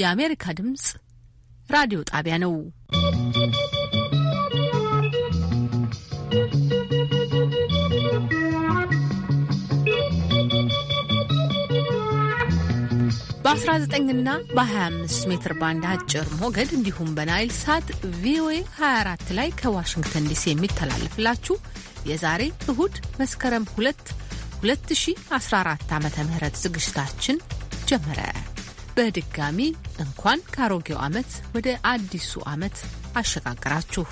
የአሜሪካ ድምጽ ራዲዮ ጣቢያ ነው። በ19 ና በ25 ሜትር ባንድ አጭር ሞገድ እንዲሁም በናይል ሳት ቪኦኤ 24 ላይ ከዋሽንግተን ዲሲ የሚተላለፍላችሁ የዛሬ እሁድ መስከረም 2 2014 ዓ ም ዝግጅታችን ጀመረ። በድጋሚ እንኳን ከአሮጌው ዓመት ወደ አዲሱ ዓመት አሸጋግራችሁ።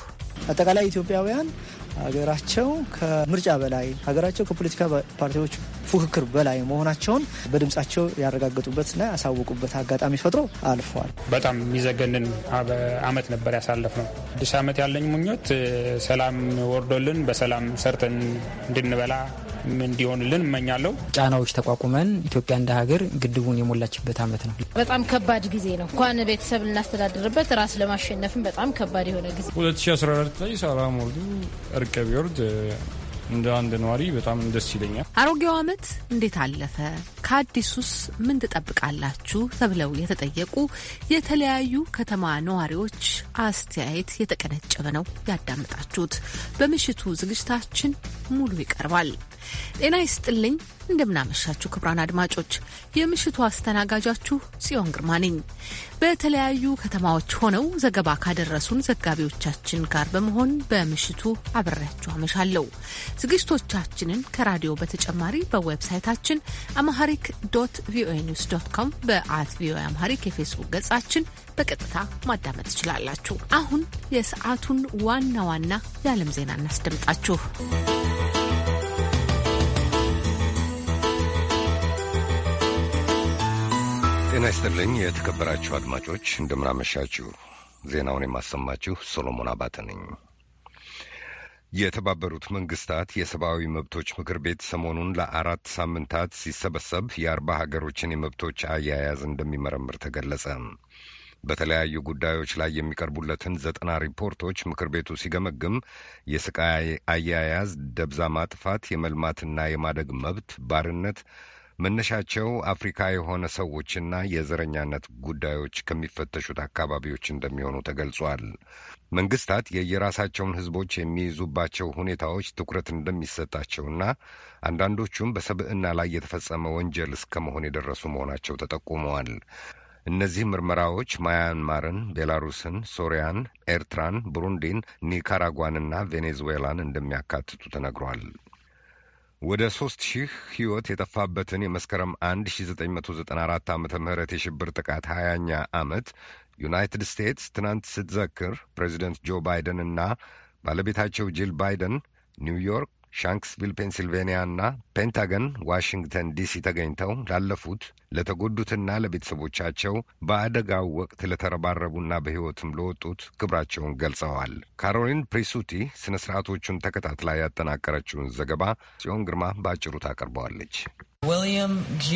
አጠቃላይ ኢትዮጵያውያን ሀገራቸው ከምርጫ በላይ ሀገራቸው ከፖለቲካ ፓርቲዎች ፉክክር በላይ መሆናቸውን በድምጻቸው ያረጋገጡበትና ያሳወቁበት አጋጣሚ ፈጥሮ አልፏል። በጣም የሚዘገንን አመት ነበር ያሳለፍ ነው። አዲስ አመት ያለኝ ምኞት ሰላም ወርዶልን በሰላም ሰርተን እንድንበላ እንዲሆንልን እመኛለሁ። ጫናዎች ተቋቁመን ኢትዮጵያ እንደ ሀገር ግድቡን የሞላችበት አመት ነው። በጣም ከባድ ጊዜ ነው። እንኳን ቤተሰብ ልናስተዳድርበት ራስ ለማሸነፍም በጣም ከባድ የሆነ ጊዜ 2014 ላይ ሰላም ወርዱ እርቀ ቢወርድ እንደ አንድ ነዋሪ በጣም ደስ ይለኛል። አሮጌው አመት እንዴት አለፈ? ከአዲሱስ ምን ትጠብቃላችሁ? ተብለው የተጠየቁ የተለያዩ ከተማ ነዋሪዎች አስተያየት የተቀነጨበ ነው ያዳምጣችሁት በምሽቱ ዝግጅታችን ሙሉ ይቀርባል። ጤና ይስጥልኝ። እንደምናመሻችሁ ክቡራን አድማጮች፣ የምሽቱ አስተናጋጃችሁ ጽዮን ግርማ ነኝ። በተለያዩ ከተማዎች ሆነው ዘገባ ካደረሱን ዘጋቢዎቻችን ጋር በመሆን በምሽቱ አብሬያችሁ አመሻለሁ። ዝግጅቶቻችንን ከራዲዮ በተጨማሪ በዌብሳይታችን አማሐሪክ ዶት ቪኦኤ ኒውስ ዶት ኮም፣ በአት ቪኦኤ አማሐሪክ የፌስቡክ ገጻችን በቀጥታ ማዳመጥ ትችላላችሁ። አሁን የሰዓቱን ዋና ዋና የዓለም ዜና እናስደምጣችሁ። ጤና ይስጥልኝ የተከበራችሁ አድማጮች፣ እንደምናመሻችሁ። ዜናውን የማሰማችሁ ሶሎሞን አባተ ነኝ። የተባበሩት መንግስታት የሰብአዊ መብቶች ምክር ቤት ሰሞኑን ለአራት ሳምንታት ሲሰበሰብ የአርባ ሀገሮችን የመብቶች አያያዝ እንደሚመረምር ተገለጸ። በተለያዩ ጉዳዮች ላይ የሚቀርቡለትን ዘጠና ሪፖርቶች ምክር ቤቱ ሲገመግም የስቃይ አያያዝ፣ ደብዛ ማጥፋት፣ የመልማትና የማደግ መብት፣ ባርነት መነሻቸው አፍሪካ የሆነ ሰዎችና የዘረኛነት ጉዳዮች ከሚፈተሹት አካባቢዎች እንደሚሆኑ ተገልጿል። መንግስታት የየራሳቸውን ህዝቦች የሚይዙባቸው ሁኔታዎች ትኩረት እንደሚሰጣቸውና አንዳንዶቹም በሰብዕና ላይ የተፈጸመ ወንጀል እስከ መሆን የደረሱ መሆናቸው ተጠቁመዋል። እነዚህ ምርመራዎች ማያንማርን፣ ቤላሩስን፣ ሶሪያን፣ ኤርትራን፣ ቡሩንዲን፣ ኒካራጓንና ቬኔዙዌላን እንደሚያካትቱ ተነግሯል። ወደ ሦስት ሺህ ሕይወት የጠፋበትን የመስከረም 1994 ዓ ም የሽብር ጥቃት ሀያኛ ዓመት ዩናይትድ ስቴትስ ትናንት ስትዘክር ፕሬዚደንት ጆ ባይደን እና ባለቤታቸው ጂል ባይደን ኒውዮርክ ሻንክስቪል ፔንሲልቬንያ እና ፔንታገን ዋሽንግተን ዲሲ ተገኝተው ላለፉት ለተጎዱትና ለቤተሰቦቻቸው በአደጋው ወቅት ለተረባረቡና በሕይወትም ለወጡት ክብራቸውን ገልጸዋል። ካሮሊን ፕሪሱቲ ስነ ስርዓቶቹን ተከታትላ ያጠናቀረችውን ዘገባ ጽዮን ግርማ በአጭሩ ታቀርበዋለች። ዊልያም ጂ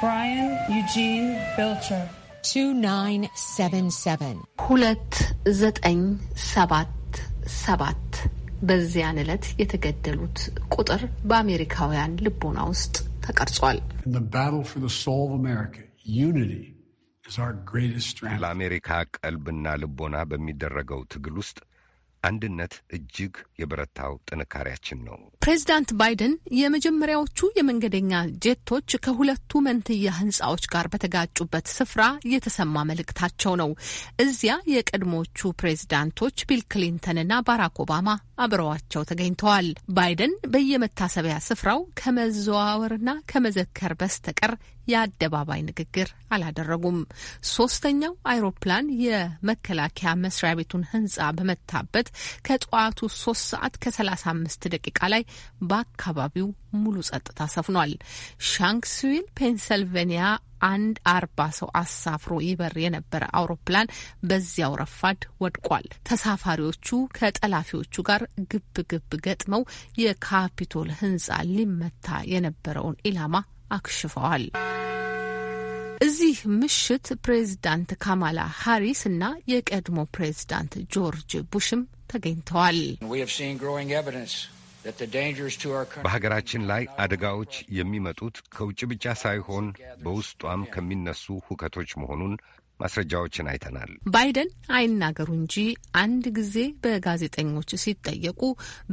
ብራያን ዩጂን ቢልቸር 2977 ሁለት ዘጠኝ ሰባት ሰባት በዚያን ዕለት የተገደሉት ቁጥር በአሜሪካውያን ልቦና ውስጥ ተቀርጿል። ለአሜሪካ ቀልብና ልቦና በሚደረገው ትግል ውስጥ አንድነት እጅግ የበረታው ጥንካሬያችን ነው። ፕሬዚዳንት ባይደን የመጀመሪያዎቹ የመንገደኛ ጄቶች ከሁለቱ መንትያ ህንፃዎች ጋር በተጋጩበት ስፍራ የተሰማ መልእክታቸው ነው። እዚያ የቀድሞቹ ፕሬዚዳንቶች ቢል ክሊንተንና ባራክ ኦባማ አብረዋቸው ተገኝተዋል። ባይደን በየመታሰቢያ ስፍራው ከመዘዋወርና ከመዘከር በስተቀር የአደባባይ ንግግር አላደረጉም። ሶስተኛው አይሮፕላን የመከላከያ መስሪያ ቤቱን ህንጻ በመታበት ከጠዋቱ ሶስት ሰዓት ከሰላሳ አምስት ደቂቃ ላይ በአካባቢው ሙሉ ጸጥታ ሰፍኗል። ሻንክስዊል ፔንሰልቬኒያ አንድ አርባ ሰው አሳፍሮ ይበር የነበረ አውሮፕላን በዚያው ረፋድ ወድቋል። ተሳፋሪዎቹ ከጠላፊዎቹ ጋር ግብ ግብ ገጥመው የካፒቶል ሕንፃ ሊመታ የነበረውን ኢላማ አክሽፈዋል። እዚህ ምሽት ፕሬዝዳንት ካማላ ሃሪስ እና የቀድሞ ፕሬዝዳንት ጆርጅ ቡሽም ተገኝተዋል። በሀገራችን ላይ አደጋዎች የሚመጡት ከውጭ ብቻ ሳይሆን በውስጧም ከሚነሱ ሁከቶች መሆኑን ማስረጃዎችን አይተናል። ባይደን አይናገሩ እንጂ አንድ ጊዜ በጋዜጠኞች ሲጠየቁ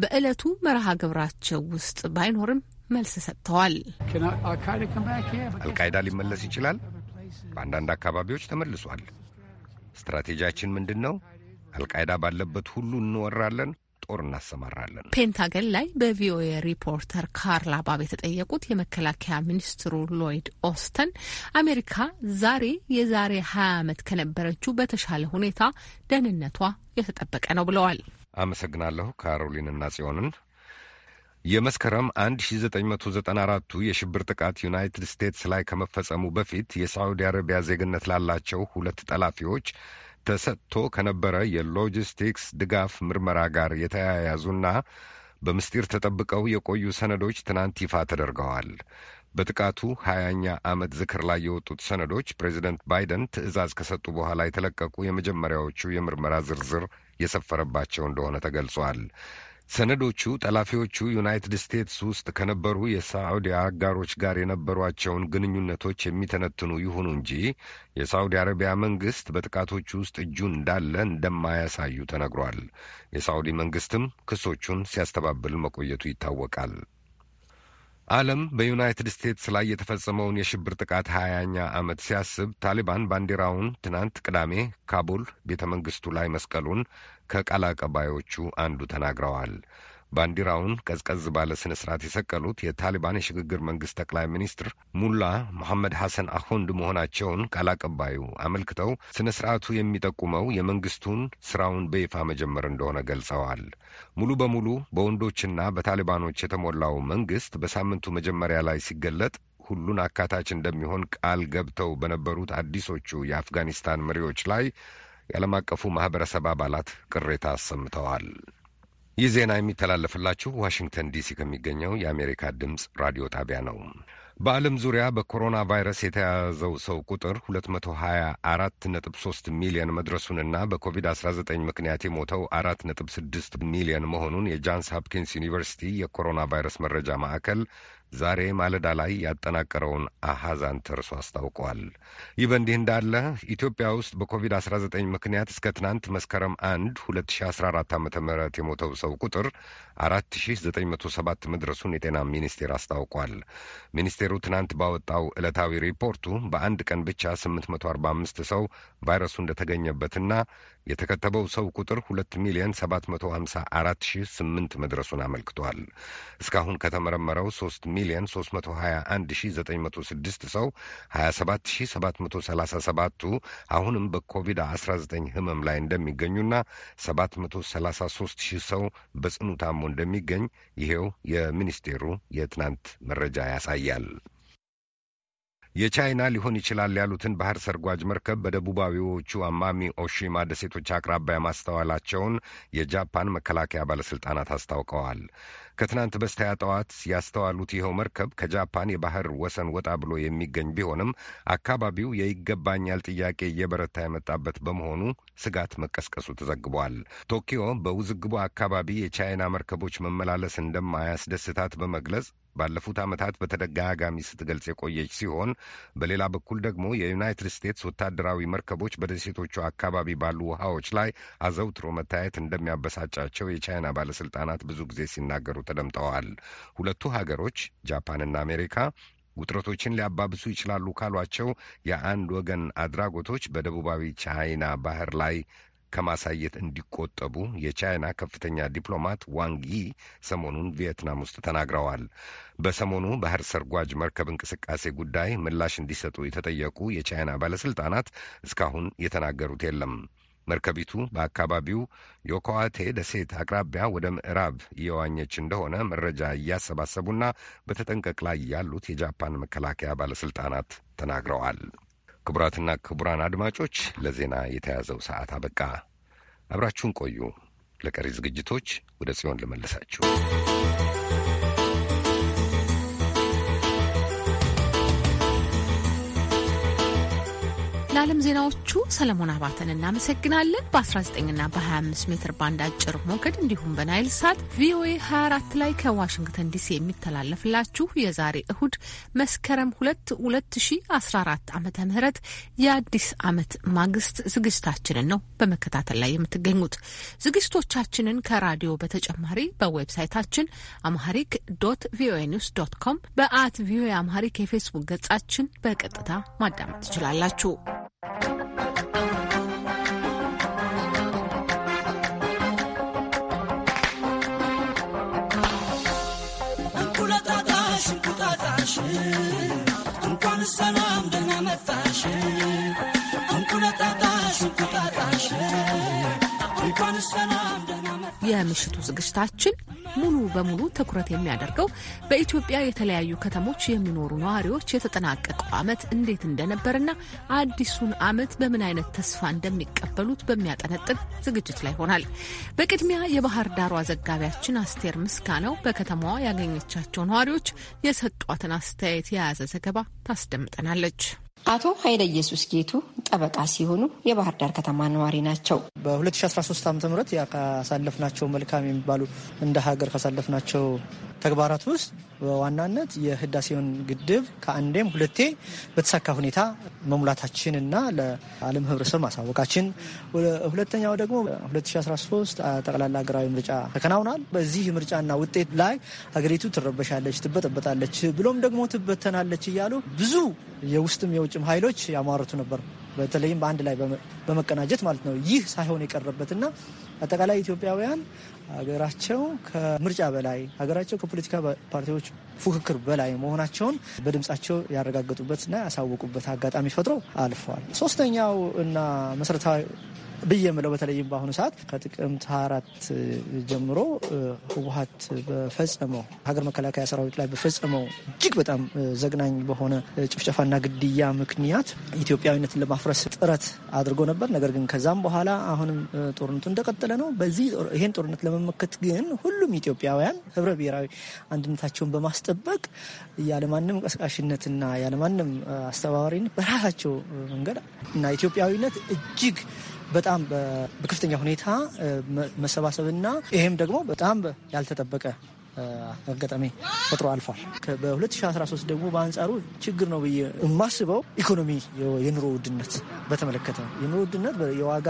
በዕለቱ መርሃ ግብራቸው ውስጥ ባይኖርም መልስ ሰጥተዋል። uh, አልቃይዳ ሊመለስ ይችላል። በአንዳንድ አካባቢዎች ተመልሷል። ስትራቴጂያችን ምንድን ነው? አልቃይዳ ባለበት ሁሉ እንወራለን ጦር እናሰማራለን። ፔንታገን ላይ በቪኦኤ ሪፖርተር ካርላ ባብ የተጠየቁት የመከላከያ ሚኒስትሩ ሎይድ ኦስተን አሜሪካ ዛሬ የዛሬ 20 ዓመት ከነበረችው በተሻለ ሁኔታ ደህንነቷ የተጠበቀ ነው ብለዋል። አመሰግናለሁ ካሮሊንና ጽዮንን። የመስከረም 1994ቱ የሽብር ጥቃት ዩናይትድ ስቴትስ ላይ ከመፈጸሙ በፊት የሳዑዲ አረቢያ ዜግነት ላላቸው ሁለት ጠላፊዎች ተሰጥቶ ከነበረ የሎጂስቲክስ ድጋፍ ምርመራ ጋር የተያያዙና በምስጢር ተጠብቀው የቆዩ ሰነዶች ትናንት ይፋ ተደርገዋል። በጥቃቱ ሀያኛ ዓመት ዝክር ላይ የወጡት ሰነዶች ፕሬዚደንት ባይደን ትዕዛዝ ከሰጡ በኋላ የተለቀቁ የመጀመሪያዎቹ የምርመራ ዝርዝር የሰፈረባቸው እንደሆነ ተገልጿል። ሰነዶቹ ጠላፊዎቹ ዩናይትድ ስቴትስ ውስጥ ከነበሩ የሳዑዲ አጋሮች ጋር የነበሯቸውን ግንኙነቶች የሚተነትኑ ይሁኑ እንጂ የሳዑዲ አረቢያ መንግስት በጥቃቶቹ ውስጥ እጁ እንዳለ እንደማያሳዩ ተነግሯል። የሳዑዲ መንግስትም ክሶቹን ሲያስተባብል መቆየቱ ይታወቃል። ዓለም በዩናይትድ ስቴትስ ላይ የተፈጸመውን የሽብር ጥቃት ሀያኛ ዓመት ሲያስብ ታሊባን ባንዲራውን ትናንት ቅዳሜ ካቡል ቤተ መንግስቱ ላይ መስቀሉን ከቃል አቀባዮቹ አንዱ ተናግረዋል። ባንዲራውን ቀዝቀዝ ባለ ስነ ስርዓት የሰቀሉት የታሊባን የሽግግር መንግስት ጠቅላይ ሚኒስትር ሙላ መሐመድ ሐሰን አሁንድ መሆናቸውን ቃል አቀባዩ አመልክተው ስነ ስርዓቱ የሚጠቁመው የመንግስቱን ስራውን በይፋ መጀመር እንደሆነ ገልጸዋል። ሙሉ በሙሉ በወንዶችና በታሊባኖች የተሞላው መንግስት በሳምንቱ መጀመሪያ ላይ ሲገለጥ ሁሉን አካታች እንደሚሆን ቃል ገብተው በነበሩት አዲሶቹ የአፍጋኒስታን መሪዎች ላይ የዓለም አቀፉ ማኅበረሰብ አባላት ቅሬታ አሰምተዋል። ይህ ዜና የሚተላለፍላችሁ ዋሽንግተን ዲሲ ከሚገኘው የአሜሪካ ድምፅ ራዲዮ ጣቢያ ነው። በዓለም ዙሪያ በኮሮና ቫይረስ የተያዘው ሰው ቁጥር 224.3 ሚሊዮን መድረሱንና በኮቪድ-19 ምክንያት የሞተው 4.6 ሚሊዮን መሆኑን የጃንስ ሀፕኪንስ ዩኒቨርሲቲ የኮሮና ቫይረስ መረጃ ማዕከል ዛሬ ማለዳ ላይ ያጠናቀረውን አሃዛን ተርሶ አስታውቋል። ይህ በእንዲህ እንዳለ ኢትዮጵያ ውስጥ በኮቪድ-19 ምክንያት እስከ ትናንት መስከረም 1 2014 ዓ ም የሞተው ሰው ቁጥር 4907 መድረሱን የጤና ሚኒስቴር አስታውቋል። ሚኒስቴሩ ትናንት ባወጣው ዕለታዊ ሪፖርቱ በአንድ ቀን ብቻ 845 ሰው ቫይረሱ እንደተገኘበትና የተከተበው ሰው ቁጥር 2 ሚሊዮን 754 ሺህ 8 መድረሱን አመልክቷል። እስካሁን ከተመረመረው 3 ሚሊዮን 321906 ሰው 27737ቱ አሁንም በኮቪድ-19 ህመም ላይ እንደሚገኙና 733 ሰው በጽኑ ታሞ እንደሚገኝ ይሄው የሚኒስቴሩ የትናንት መረጃ ያሳያል። የቻይና ሊሆን ይችላል ያሉትን ባህር ሰርጓጅ መርከብ በደቡባዊዎቹ አማሚ ኦሺማ ደሴቶች አቅራቢያ ማስተዋላቸውን የጃፓን መከላከያ ባለሥልጣናት አስታውቀዋል። ከትናንት በስቲያ ጠዋት ያስተዋሉት ይኸው መርከብ ከጃፓን የባህር ወሰን ወጣ ብሎ የሚገኝ ቢሆንም አካባቢው የይገባኛል ጥያቄ እየበረታ የመጣበት በመሆኑ ስጋት መቀስቀሱ ተዘግቧል። ቶኪዮ በውዝግቡ አካባቢ የቻይና መርከቦች መመላለስ እንደማያስደስታት በመግለጽ ባለፉት ዓመታት በተደጋጋሚ ስትገልጽ የቆየች ሲሆን በሌላ በኩል ደግሞ የዩናይትድ ስቴትስ ወታደራዊ መርከቦች በደሴቶቹ አካባቢ ባሉ ውሃዎች ላይ አዘውትሮ መታየት እንደሚያበሳጫቸው የቻይና ባለስልጣናት ብዙ ጊዜ ሲናገሩ ተደምጠዋል። ሁለቱ ሀገሮች ጃፓንና አሜሪካ ውጥረቶችን ሊያባብሱ ይችላሉ ካሏቸው የአንድ ወገን አድራጎቶች በደቡባዊ ቻይና ባህር ላይ ከማሳየት እንዲቆጠቡ የቻይና ከፍተኛ ዲፕሎማት ዋንግ ሰሞኑን ቪየትናም ውስጥ ተናግረዋል። በሰሞኑ ባህር ሰርጓጅ መርከብ እንቅስቃሴ ጉዳይ ምላሽ እንዲሰጡ የተጠየቁ የቻይና ባለስልጣናት እስካሁን የተናገሩት የለም። መርከቢቱ በአካባቢው ዮኮዋቴ ደሴት አቅራቢያ ወደ ምዕራብ እየዋኘች እንደሆነ መረጃ እያሰባሰቡና በተጠንቀቅ ላይ ያሉት የጃፓን መከላከያ ባለሥልጣናት ተናግረዋል። ክቡራትና ክቡራን አድማጮች ለዜና የተያዘው ሰዓት አበቃ። አብራችሁን ቆዩ። ለቀሪ ዝግጅቶች ወደ ጽዮን ልመልሳችሁ። ለዓለም ዜናዎቹ ሰለሞን አባተን እናመሰግናለን። በ19ና በ25 ሜትር ባንድ አጭር ሞገድ እንዲሁም በናይል ሳት ቪኦኤ 24 ላይ ከዋሽንግተን ዲሲ የሚተላለፍላችሁ የዛሬ እሁድ መስከረም 2 2014 ዓ ም የአዲስ ዓመት ማግስት ዝግጅታችንን ነው በመከታተል ላይ የምትገኙት። ዝግጅቶቻችንን ከራዲዮ በተጨማሪ በዌብሳይታችን አምሃሪክ ዶት ቪኦኤ ኒውስ ዶት ኮም፣ በአት ቪኦኤ አምሃሪክ የፌስቡክ ገጻችን በቀጥታ ማዳመጥ ትችላላችሁ። እንኳን ሰላም ደህና መጣሽ እንኳን ሰላም የምሽቱ ዝግጅታችን ሙሉ በሙሉ ትኩረት የሚያደርገው በኢትዮጵያ የተለያዩ ከተሞች የሚኖሩ ነዋሪዎች የተጠናቀቀው ዓመት እንዴት እንደነበርና አዲሱን ዓመት በምን አይነት ተስፋ እንደሚቀበሉት በሚያጠነጥን ዝግጅት ላይ ይሆናል። በቅድሚያ የባህር ዳሯ ዘጋቢያችን አስቴር ምስጋናው በከተማዋ ያገኘቻቸው ነዋሪዎች የሰጧትን አስተያየት የያዘ ዘገባ ታስደምጠናለች። አቶ ኃይለ ኢየሱስ ጌቱ ጠበቃ ሲሆኑ የባህር ዳር ከተማ ነዋሪ ናቸው። በ2013 ዓ ም ካሳለፍናቸው መልካም የሚባሉ እንደ ሀገር ካሳለፍናቸው ተግባራት ውስጥ በዋናነት የህዳሴውን ግድብ ከአንዴም ሁለቴ በተሳካ ሁኔታ መሙላታችንና ለዓለም ህብረተሰብ ማሳወቃችን፣ ሁለተኛው ደግሞ 2013 ጠቅላላ ሀገራዊ ምርጫ ተከናውናል። በዚህ ምርጫና ውጤት ላይ ሀገሪቱ ትረበሻለች፣ ትበጠበጣለች፣ ብሎም ደግሞ ትበተናለች እያሉ ብዙ የውስጥም የውጭም ኃይሎች ያሟረቱ ነበር። በተለይም በአንድ ላይ በመቀናጀት ማለት ነው። ይህ ሳይሆን የቀረበትና አጠቃላይ ኢትዮጵያውያን ሀገራቸው ከምርጫ በላይ ሀገራቸው ከፖለቲካ ፓርቲዎች ፉክክር በላይ መሆናቸውን በድምጻቸው ያረጋገጡበትና ያሳወቁበት አጋጣሚ ፈጥሮ አልፈዋል። ሶስተኛው እና መሰረታዊ ብዬ የምለው በተለይም በአሁኑ ሰዓት ከጥቅምት አራት ጀምሮ ህወሀት በፈጸመው ሀገር መከላከያ ሰራዊት ላይ በፈጸመው እጅግ በጣም ዘግናኝ በሆነ ጭፍጨፋና ግድያ ምክንያት ኢትዮጵያዊነትን ለማፍረስ ጥረት አድርጎ ነበር። ነገር ግን ከዛም በኋላ አሁንም ጦርነቱ እንደቀጠለ ነው። በዚህ ይህን ጦርነት ለመመከት ግን ሁሉም ኢትዮጵያውያን ህብረ ብሔራዊ አንድነታቸውን በማስጠበቅ ያለማንም ቀስቃሽነትና ያለማንም አስተባባሪነት በራሳቸው መንገድ እና ኢትዮጵያዊነት እጅግ በጣም በከፍተኛ ሁኔታ መሰባሰብና ይህም ደግሞ በጣም ያልተጠበቀ አጋጣሚ ፈጥሮ አልፏል። በ2013 ደግሞ በአንጻሩ ችግር ነው ብዬ የማስበው ኢኮኖሚ የኑሮ ውድነት በተመለከተ የኑሮ ውድነት የዋጋ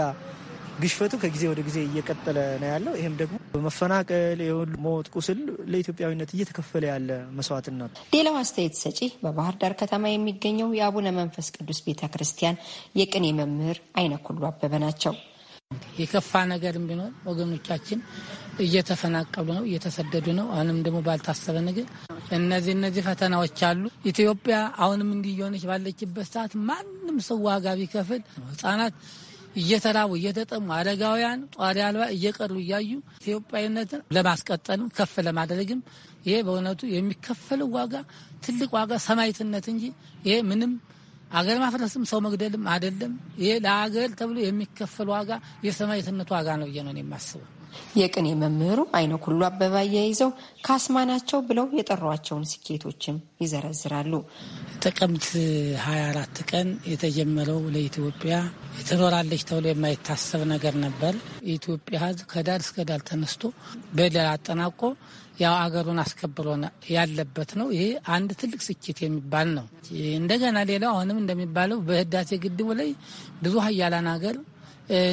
ግሽፈቱ ከጊዜ ወደ ጊዜ እየቀጠለ ነው ያለው። ይህም ደግሞ በመፈናቀል የሁሉ ሞት፣ ቁስል ለኢትዮጵያዊነት እየተከፈለ ያለ መስዋዕትነት ነው። ሌላው አስተያየት ሰጪ በባህር ዳር ከተማ የሚገኘው የአቡነ መንፈስ ቅዱስ ቤተ ክርስቲያን የቅኔ መምህር አይነኩሉ አበበ ናቸው። የከፋ ነገር ቢኖር ወገኖቻችን እየተፈናቀሉ ነው፣ እየተሰደዱ ነው። አሁንም ደግሞ ባልታሰበ ነገር እነዚህ እነዚህ ፈተናዎች አሉ። ኢትዮጵያ አሁንም እንዲህ ባለችበት ሰዓት ማንም ሰው ዋጋ ቢከፍል ህጻናት እየተራቡ እየተጠሙ አረጋውያን ጧሪ አልባ እየቀሩ እያዩ ኢትዮጵያዊነትን ለማስቀጠልም ከፍ ለማድረግም ይሄ በእውነቱ የሚከፈለው ዋጋ ትልቅ ዋጋ ሰማዕትነት እንጂ ይሄ ምንም አገር ማፍረስም ሰው መግደልም አይደለም። ይሄ ለአገር ተብሎ የሚከፈል ዋጋ የሰማዕትነት ዋጋ ነው ብዬ ነው የማስበው። የቅኔ መምህሩ አይነ ኩሉ አበባ አያይዘው ካስማ ናቸው ብለው የጠሯቸውን ስኬቶችም ይዘረዝራሉ። ጥቅምት 24 ቀን የተጀመረው ለኢትዮጵያ ትኖራለች ተብሎ የማይታሰብ ነገር ነበር። የኢትዮጵያ ሕዝብ ከዳር እስከ ዳር ተነስቶ በደል አጠናቆ ያው አገሩን አስከብሮ ያለበት ነው። ይሄ አንድ ትልቅ ስኬት የሚባል ነው። እንደገና ሌላው አሁንም እንደሚባለው በህዳሴ ግድቡ ላይ ብዙ ሀያላን ሀገር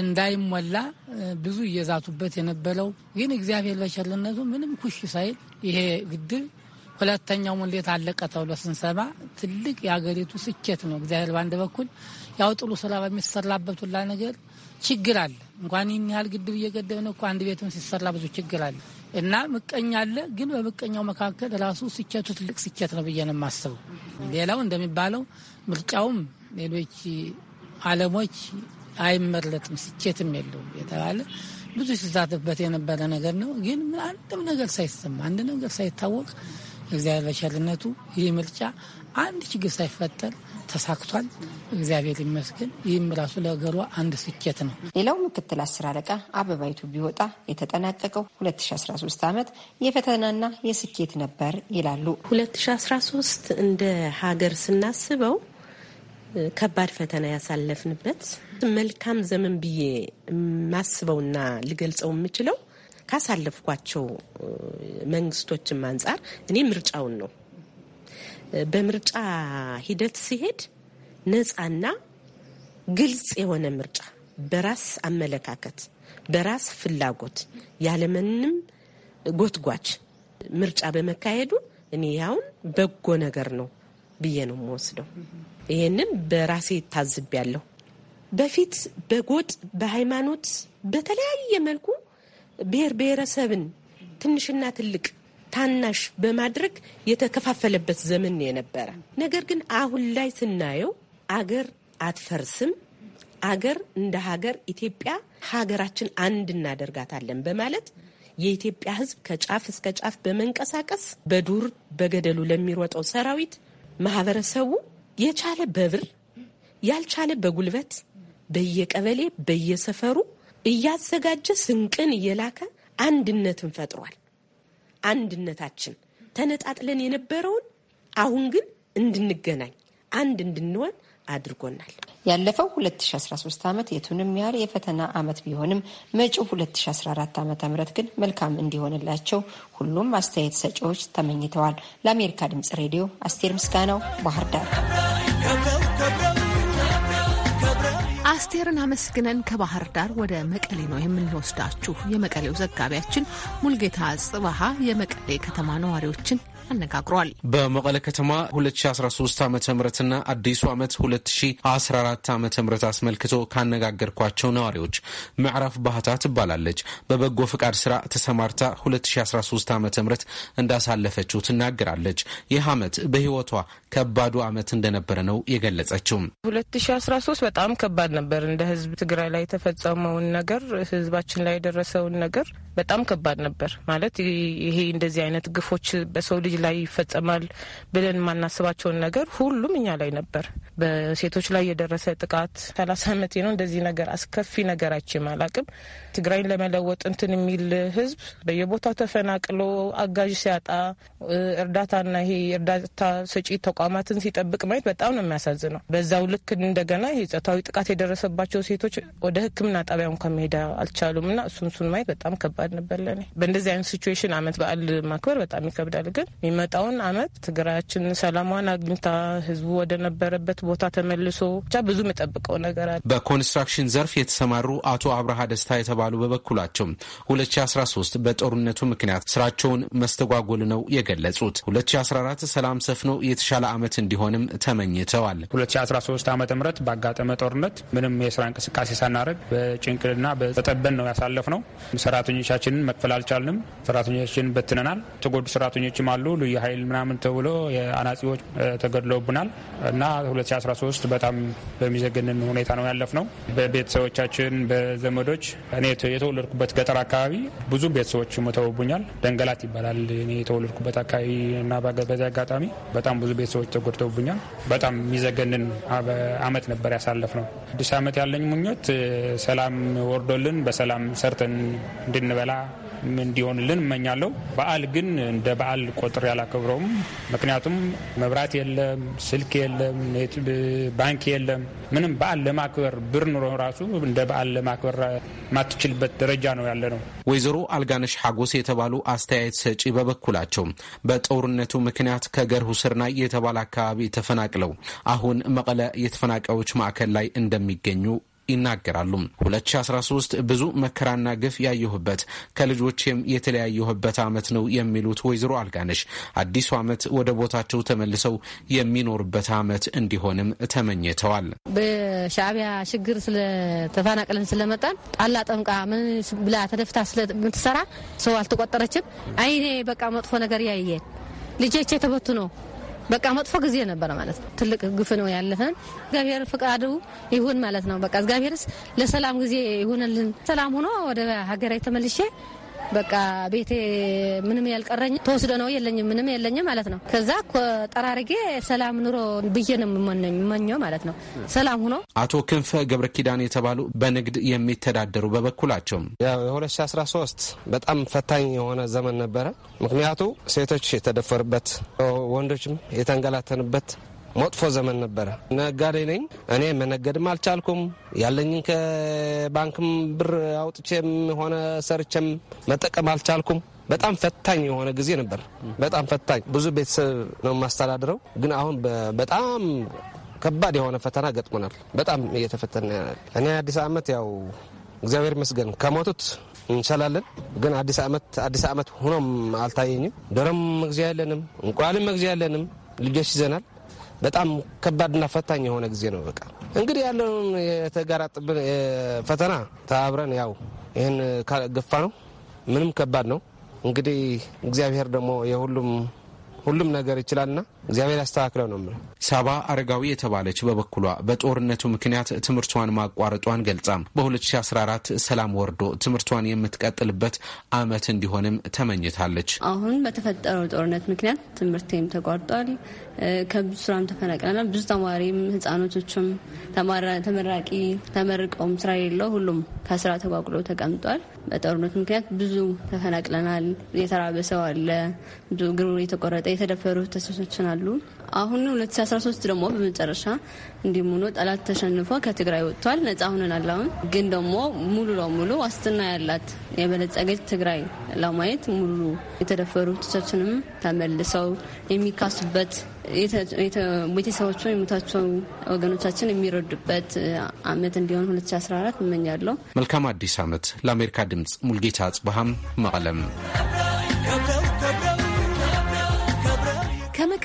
እንዳይሞላ ብዙ እየዛቱበት የነበረው ግን እግዚአብሔር በቸርነቱ ምንም ኩሽ ሳይል ይሄ ግድብ ሁለተኛው ሙሌት አለቀ ተብሎ ስንሰማ ትልቅ የሀገሪቱ ስኬት ነው። እግዚአብሔር በአንድ በኩል ያው ጥሉ ስራ በሚሰራበት ሁላ ነገር ችግር አለ። እንኳን ይህን ያህል ግድብ እየገደብን እኮ አንድ ቤትም ሲሰራ ብዙ ችግር አለ እና ምቀኛ አለ። ግን በምቀኛው መካከል ራሱ ስኬቱ ትልቅ ስኬት ነው ብዬ ነው የማስበው። ሌላው እንደሚባለው ምርጫውም ሌሎች አለሞች አይመረጥም፣ ስኬትም የለውም የተባለ ብዙ ሲዛትበት የነበረ ነገር ነው። ግን አንድም ነገር ሳይሰማ አንድ ነገር ሳይታወቅ እግዚአብሔር በቸርነቱ ይህ ምርጫ አንድ ችግር ሳይፈጠር ተሳክቷል። እግዚአብሔር ይመስገን። ይህም ራሱ ለሀገሯ አንድ ስኬት ነው። ሌላው ምክትል አስር አለቃ አበባይቱ ቢወጣ የተጠናቀቀው 2013 ዓመት የፈተናና የስኬት ነበር ይላሉ። 2013 እንደ ሀገር ስናስበው ከባድ ፈተና ያሳለፍንበት መልካም ዘመን ብዬ ማስበውና ልገልጸው የምችለው ካሳለፍኳቸው መንግስቶችም አንጻር እኔ ምርጫውን ነው። በምርጫ ሂደት ሲሄድ ነፃና ግልጽ የሆነ ምርጫ በራስ አመለካከት፣ በራስ ፍላጎት ያለምንም ጎትጓች ምርጫ በመካሄዱ እኔ ያውን በጎ ነገር ነው ብዬ ነው የምወስደው። ይሄንን በራሴ ታዝቤያለሁ። በፊት በጎጥ በሃይማኖት በተለያየ መልኩ ብሔር ብሔረሰብን ትንሽና ትልቅ ታናሽ በማድረግ የተከፋፈለበት ዘመን የነበረ። ነገር ግን አሁን ላይ ስናየው አገር አትፈርስም፣ አገር እንደ ሀገር ኢትዮጵያ ሀገራችን አንድ እናደርጋታለን በማለት የኢትዮጵያ ሕዝብ ከጫፍ እስከ ጫፍ በመንቀሳቀስ በዱር በገደሉ ለሚሮጠው ሰራዊት ማህበረሰቡ የቻለ በብር ያልቻለ በጉልበት በየቀበሌ በየሰፈሩ እያዘጋጀ ስንቅን እየላከ አንድነትን ፈጥሯል። አንድነታችን ተነጣጥለን የነበረውን አሁን ግን እንድንገናኝ አንድ እንድንሆን አድርጎናል። ያለፈው 2013 ዓመት የቱንም ያህል የፈተና ዓመት ቢሆንም መጪው 2014 ዓ ም ግን መልካም እንዲሆንላቸው ሁሉም አስተያየት ሰጪዎች ተመኝተዋል። ለአሜሪካ ድምጽ ሬዲዮ አስቴር ምስጋናው ባህር ዳር አስቴርን አመስግነን ከባህር ዳር ወደ መቀሌ ነው የምንወስዳችሁ። የመቀሌው ዘጋቢያችን ሙልጌታ ጽባሃ የመቀሌ ከተማ ነዋሪዎችን አነጋግሯል። በመቀለ ከተማ 2013 ዓ ምና አዲሱ ዓመት 2014 ዓ ም አስመልክቶ ካነጋገርኳቸው ነዋሪዎች ምዕራፍ ባህታ ትባላለች። በበጎ ፍቃድ ስራ ተሰማርታ 2013 ዓ ም እንዳሳለፈችው ትናገራለች። ይህ ዓመት በህይወቷ ከባዱ ዓመት እንደነበረ ነው የገለጸችው። 2013 በጣም ከባድ ነበር። እንደ ህዝብ ትግራይ ላይ የተፈጸመውን ነገር ህዝባችን ላይ የደረሰውን ነገር በጣም ከባድ ነበር። ማለት ይሄ እንደዚህ አይነት ግፎች በሰው ልጅ ላይ ይፈጸማል ብለን የማናስባቸውን ነገር ሁሉም እኛ ላይ ነበር። በሴቶች ላይ የደረሰ ጥቃት ሰላሳ ዓመቴ ነው። እንደዚህ ነገር አስከፊ ነገር አይቼም አላቅም። ትግራይን ለመለወጥ እንትን የሚል ህዝብ በየቦታው ተፈናቅሎ አጋዥ ሲያጣ እርዳታና ይሄ እርዳታ ሰጪ ተቋማትን ሲጠብቅ ማየት በጣም ነው የሚያሳዝነው። በዛው ልክ እንደገና ጾታዊ ጥቃት የደረሰባቸው ሴቶች ወደ ሕክምና ጣቢያውን ከመሄድ አልቻሉም እና እሱን እሱን ማየት በጣም ከባድ ከባድ ነበር ለኔ። በእንደዚህ አይነት ሲዌሽን አመት በዓል ማክበር በጣም ይከብዳል። ግን የሚመጣውን አመት ትግራያችን ሰላሟን አግኝታ ህዝቡ ወደ ነበረበት ቦታ ተመልሶ ብቻ ብዙ የሚጠብቀው ነገር አለ። በኮንስትራክሽን ዘርፍ የተሰማሩ አቶ አብርሃ ደስታ የተባሉ በበኩላቸው 2013 በጦርነቱ ምክንያት ስራቸውን መስተጓጎል ነው የገለጹት። 2014 ሰላም ሰፍኖ የተሻለ አመት እንዲሆንም ተመኝተዋል። 2013 ዓ ም ባጋጠመ ጦርነት ምንም የስራ እንቅስቃሴ ሳናደርግ በጭንቅልና በጠበን ነው ያሳለፍ ነው ሰራተኞች ሰራተኞቻችንን መክፈል አልቻልንም። ሰራተኞችን በትነናል። ተጎዱ ሰራተኞችም አሉ። ልዩ ኃይል ምናምን ተብሎ የአናጺዎች ተገድለውብናል እና 2013 በጣም በሚዘገንን ሁኔታ ነው ያለፍ ነው። በቤተሰቦቻችን በዘመዶች እኔ የተወለድኩበት ገጠር አካባቢ ብዙ ቤተሰቦች ተውቡኛል። ደንገላት ይባላል እኔ የተወለድኩበት አካባቢ እና በዚ አጋጣሚ በጣም ብዙ ቤተሰቦች ተጎድተውብኛል። በጣም የሚዘገንን አመት ነበር ያሳለፍ ነው። አዲስ አመት ያለኝ ምኞት ሰላም ወርዶልን በሰላም ሰርተን እንድንበ እንድንበላ እንዲሆንልን እመኛለሁ። በዓል ግን እንደ በዓል ቆጥር ያላከብረውም። ምክንያቱም መብራት የለም፣ ስልክ የለም፣ ባንክ የለም። ምንም በዓል ለማክበር ብር ኑሮ ራሱ እንደ በዓል ለማክበር ማትችልበት ደረጃ ነው ያለ ነው። ወይዘሮ አልጋነሽ ሐጎስ የተባሉ አስተያየት ሰጪ በበኩላቸው በጦርነቱ ምክንያት ከገርሁ ስርናይ የተባለ አካባቢ ተፈናቅለው አሁን መቀለ የተፈናቃዮች ማዕከል ላይ እንደሚገኙ ይናገራሉ። 2013 ብዙ መከራና ግፍ ያየሁበት ከልጆቼም የተለያየሁበት አመት ነው የሚሉት ወይዘሮ አልጋነሽ አዲሱ አመት ወደ ቦታቸው ተመልሰው የሚኖሩበት አመት እንዲሆንም ተመኝተዋል። በሻዕቢያ ችግር ስለተፈናቅለን ስለመጣን ጣላ ጠምቃ ምን ብላ ተደፍታ ስለምትሰራ ሰው አልተቆጠረችም። አይኔ በቃ መጥፎ ነገር ያየ ልጆቼ ተበትኖ በቃ መጥፎ ጊዜ ነበረ ማለት ነው። ትልቅ ግፍ ነው ያለፈን። እግዚአብሔር ፍቃዱ ይሁን ማለት ነው። በቃ እግዚአብሔርስ ለሰላም ጊዜ ይሁንልን። ሰላም ሆኖ ወደ ሀገራዊ ተመልሼ በቃ ቤቴ ምንም ያልቀረኝ ተወስዶ ነው የለኝም ምንም የለኝም ማለት ነው። ከዛ ጠራርጌ ሰላም ኑሮ ብዬ ነው የምመኘው ማለት ነው። ሰላም ሁኖ አቶ ክንፈ ገብረ ኪዳን የተባሉ በንግድ የሚተዳደሩ በበኩላቸው የ2013 በጣም ፈታኝ የሆነ ዘመን ነበረ። ምክንያቱ ሴቶች የተደፈሩበት፣ ወንዶችም የተንገላተንበት መጥፎ ዘመን ነበረ። ነጋዴ ነኝ እኔ መነገድም አልቻልኩም። ያለኝን ከባንክም ብር አውጥቼም ሆነ ሰርቼም መጠቀም አልቻልኩም። በጣም ፈታኝ የሆነ ጊዜ ነበር። በጣም ፈታኝ ብዙ ቤተሰብ ነው የማስተዳድረው። ግን አሁን በጣም ከባድ የሆነ ፈተና ገጥሞናል። በጣም እየተፈተነ እኔ አዲስ አመት ያው እግዚአብሔር ይመስገን ከሞቱት እንሰላለን ግን አዲስ አመት አዲስ አመት ሆኖም አልታየኝም። ዶሮም መግዚያ የለንም፣ እንቁላልም መግዚያ የለንም። ልጆች ይዘናል። በጣም ከባድና ፈታኝ የሆነ ጊዜ ነው። በቃ እንግዲህ ያለውን የተጋራጥብን ፈተና ተባብረን ያው ይህን ገፋ ነው። ምንም ከባድ ነው። እንግዲህ እግዚአብሔር ደግሞ የሁሉም ሁሉም ነገር ይችላልና እግዚአብሔር ያስተካክለው ነው ምለ ሳባ አረጋዊ የተባለች በበኩሏ በጦርነቱ ምክንያት ትምህርቷን ማቋረጧን ገልጻም በ2014 ሰላም ወርዶ ትምህርቷን የምትቀጥልበት አመት እንዲሆንም ተመኝታለች። አሁን በተፈጠረው ጦርነት ምክንያት ትምህርቴም ተቋርጧል። ከብዙ ስራም ተፈናቅለና ብዙ ተማሪም ህጻኖቶችም ተመራቂ ተመርቀውም ስራ የለው ሁሉም ከስራ ተጓጉሎ ተቀምጧል። በጦርነቱ ምክንያት ብዙ ተፈናቅለናል። የተራበሰው አለ። ብዙ እግሩ የተቆረጠ የተደፈሩ ተሰሶችን ይሆናሉ። አሁን 2013 ደግሞ በመጨረሻ እንዲሁም ሆኖ ጠላት ተሸንፎ ከትግራይ ወጥቷል። ነጻ ሆነናል። አሁን ግን ደግሞ ሙሉ ለሙሉ ዋስትና ያላት የበለጸገች ትግራይ ለማየት ሙሉ የተደፈሩ ተመልሰው የሚካሱበት ቤተሰቦቹ የሞታቸው ወገኖቻችን የሚረዱበት አመት እንዲሆን 2014 እመኛለሁ። መልካም አዲስ አመት ለአሜሪካ ድምፅ ሙልጌታ አጽብሃም መቀለም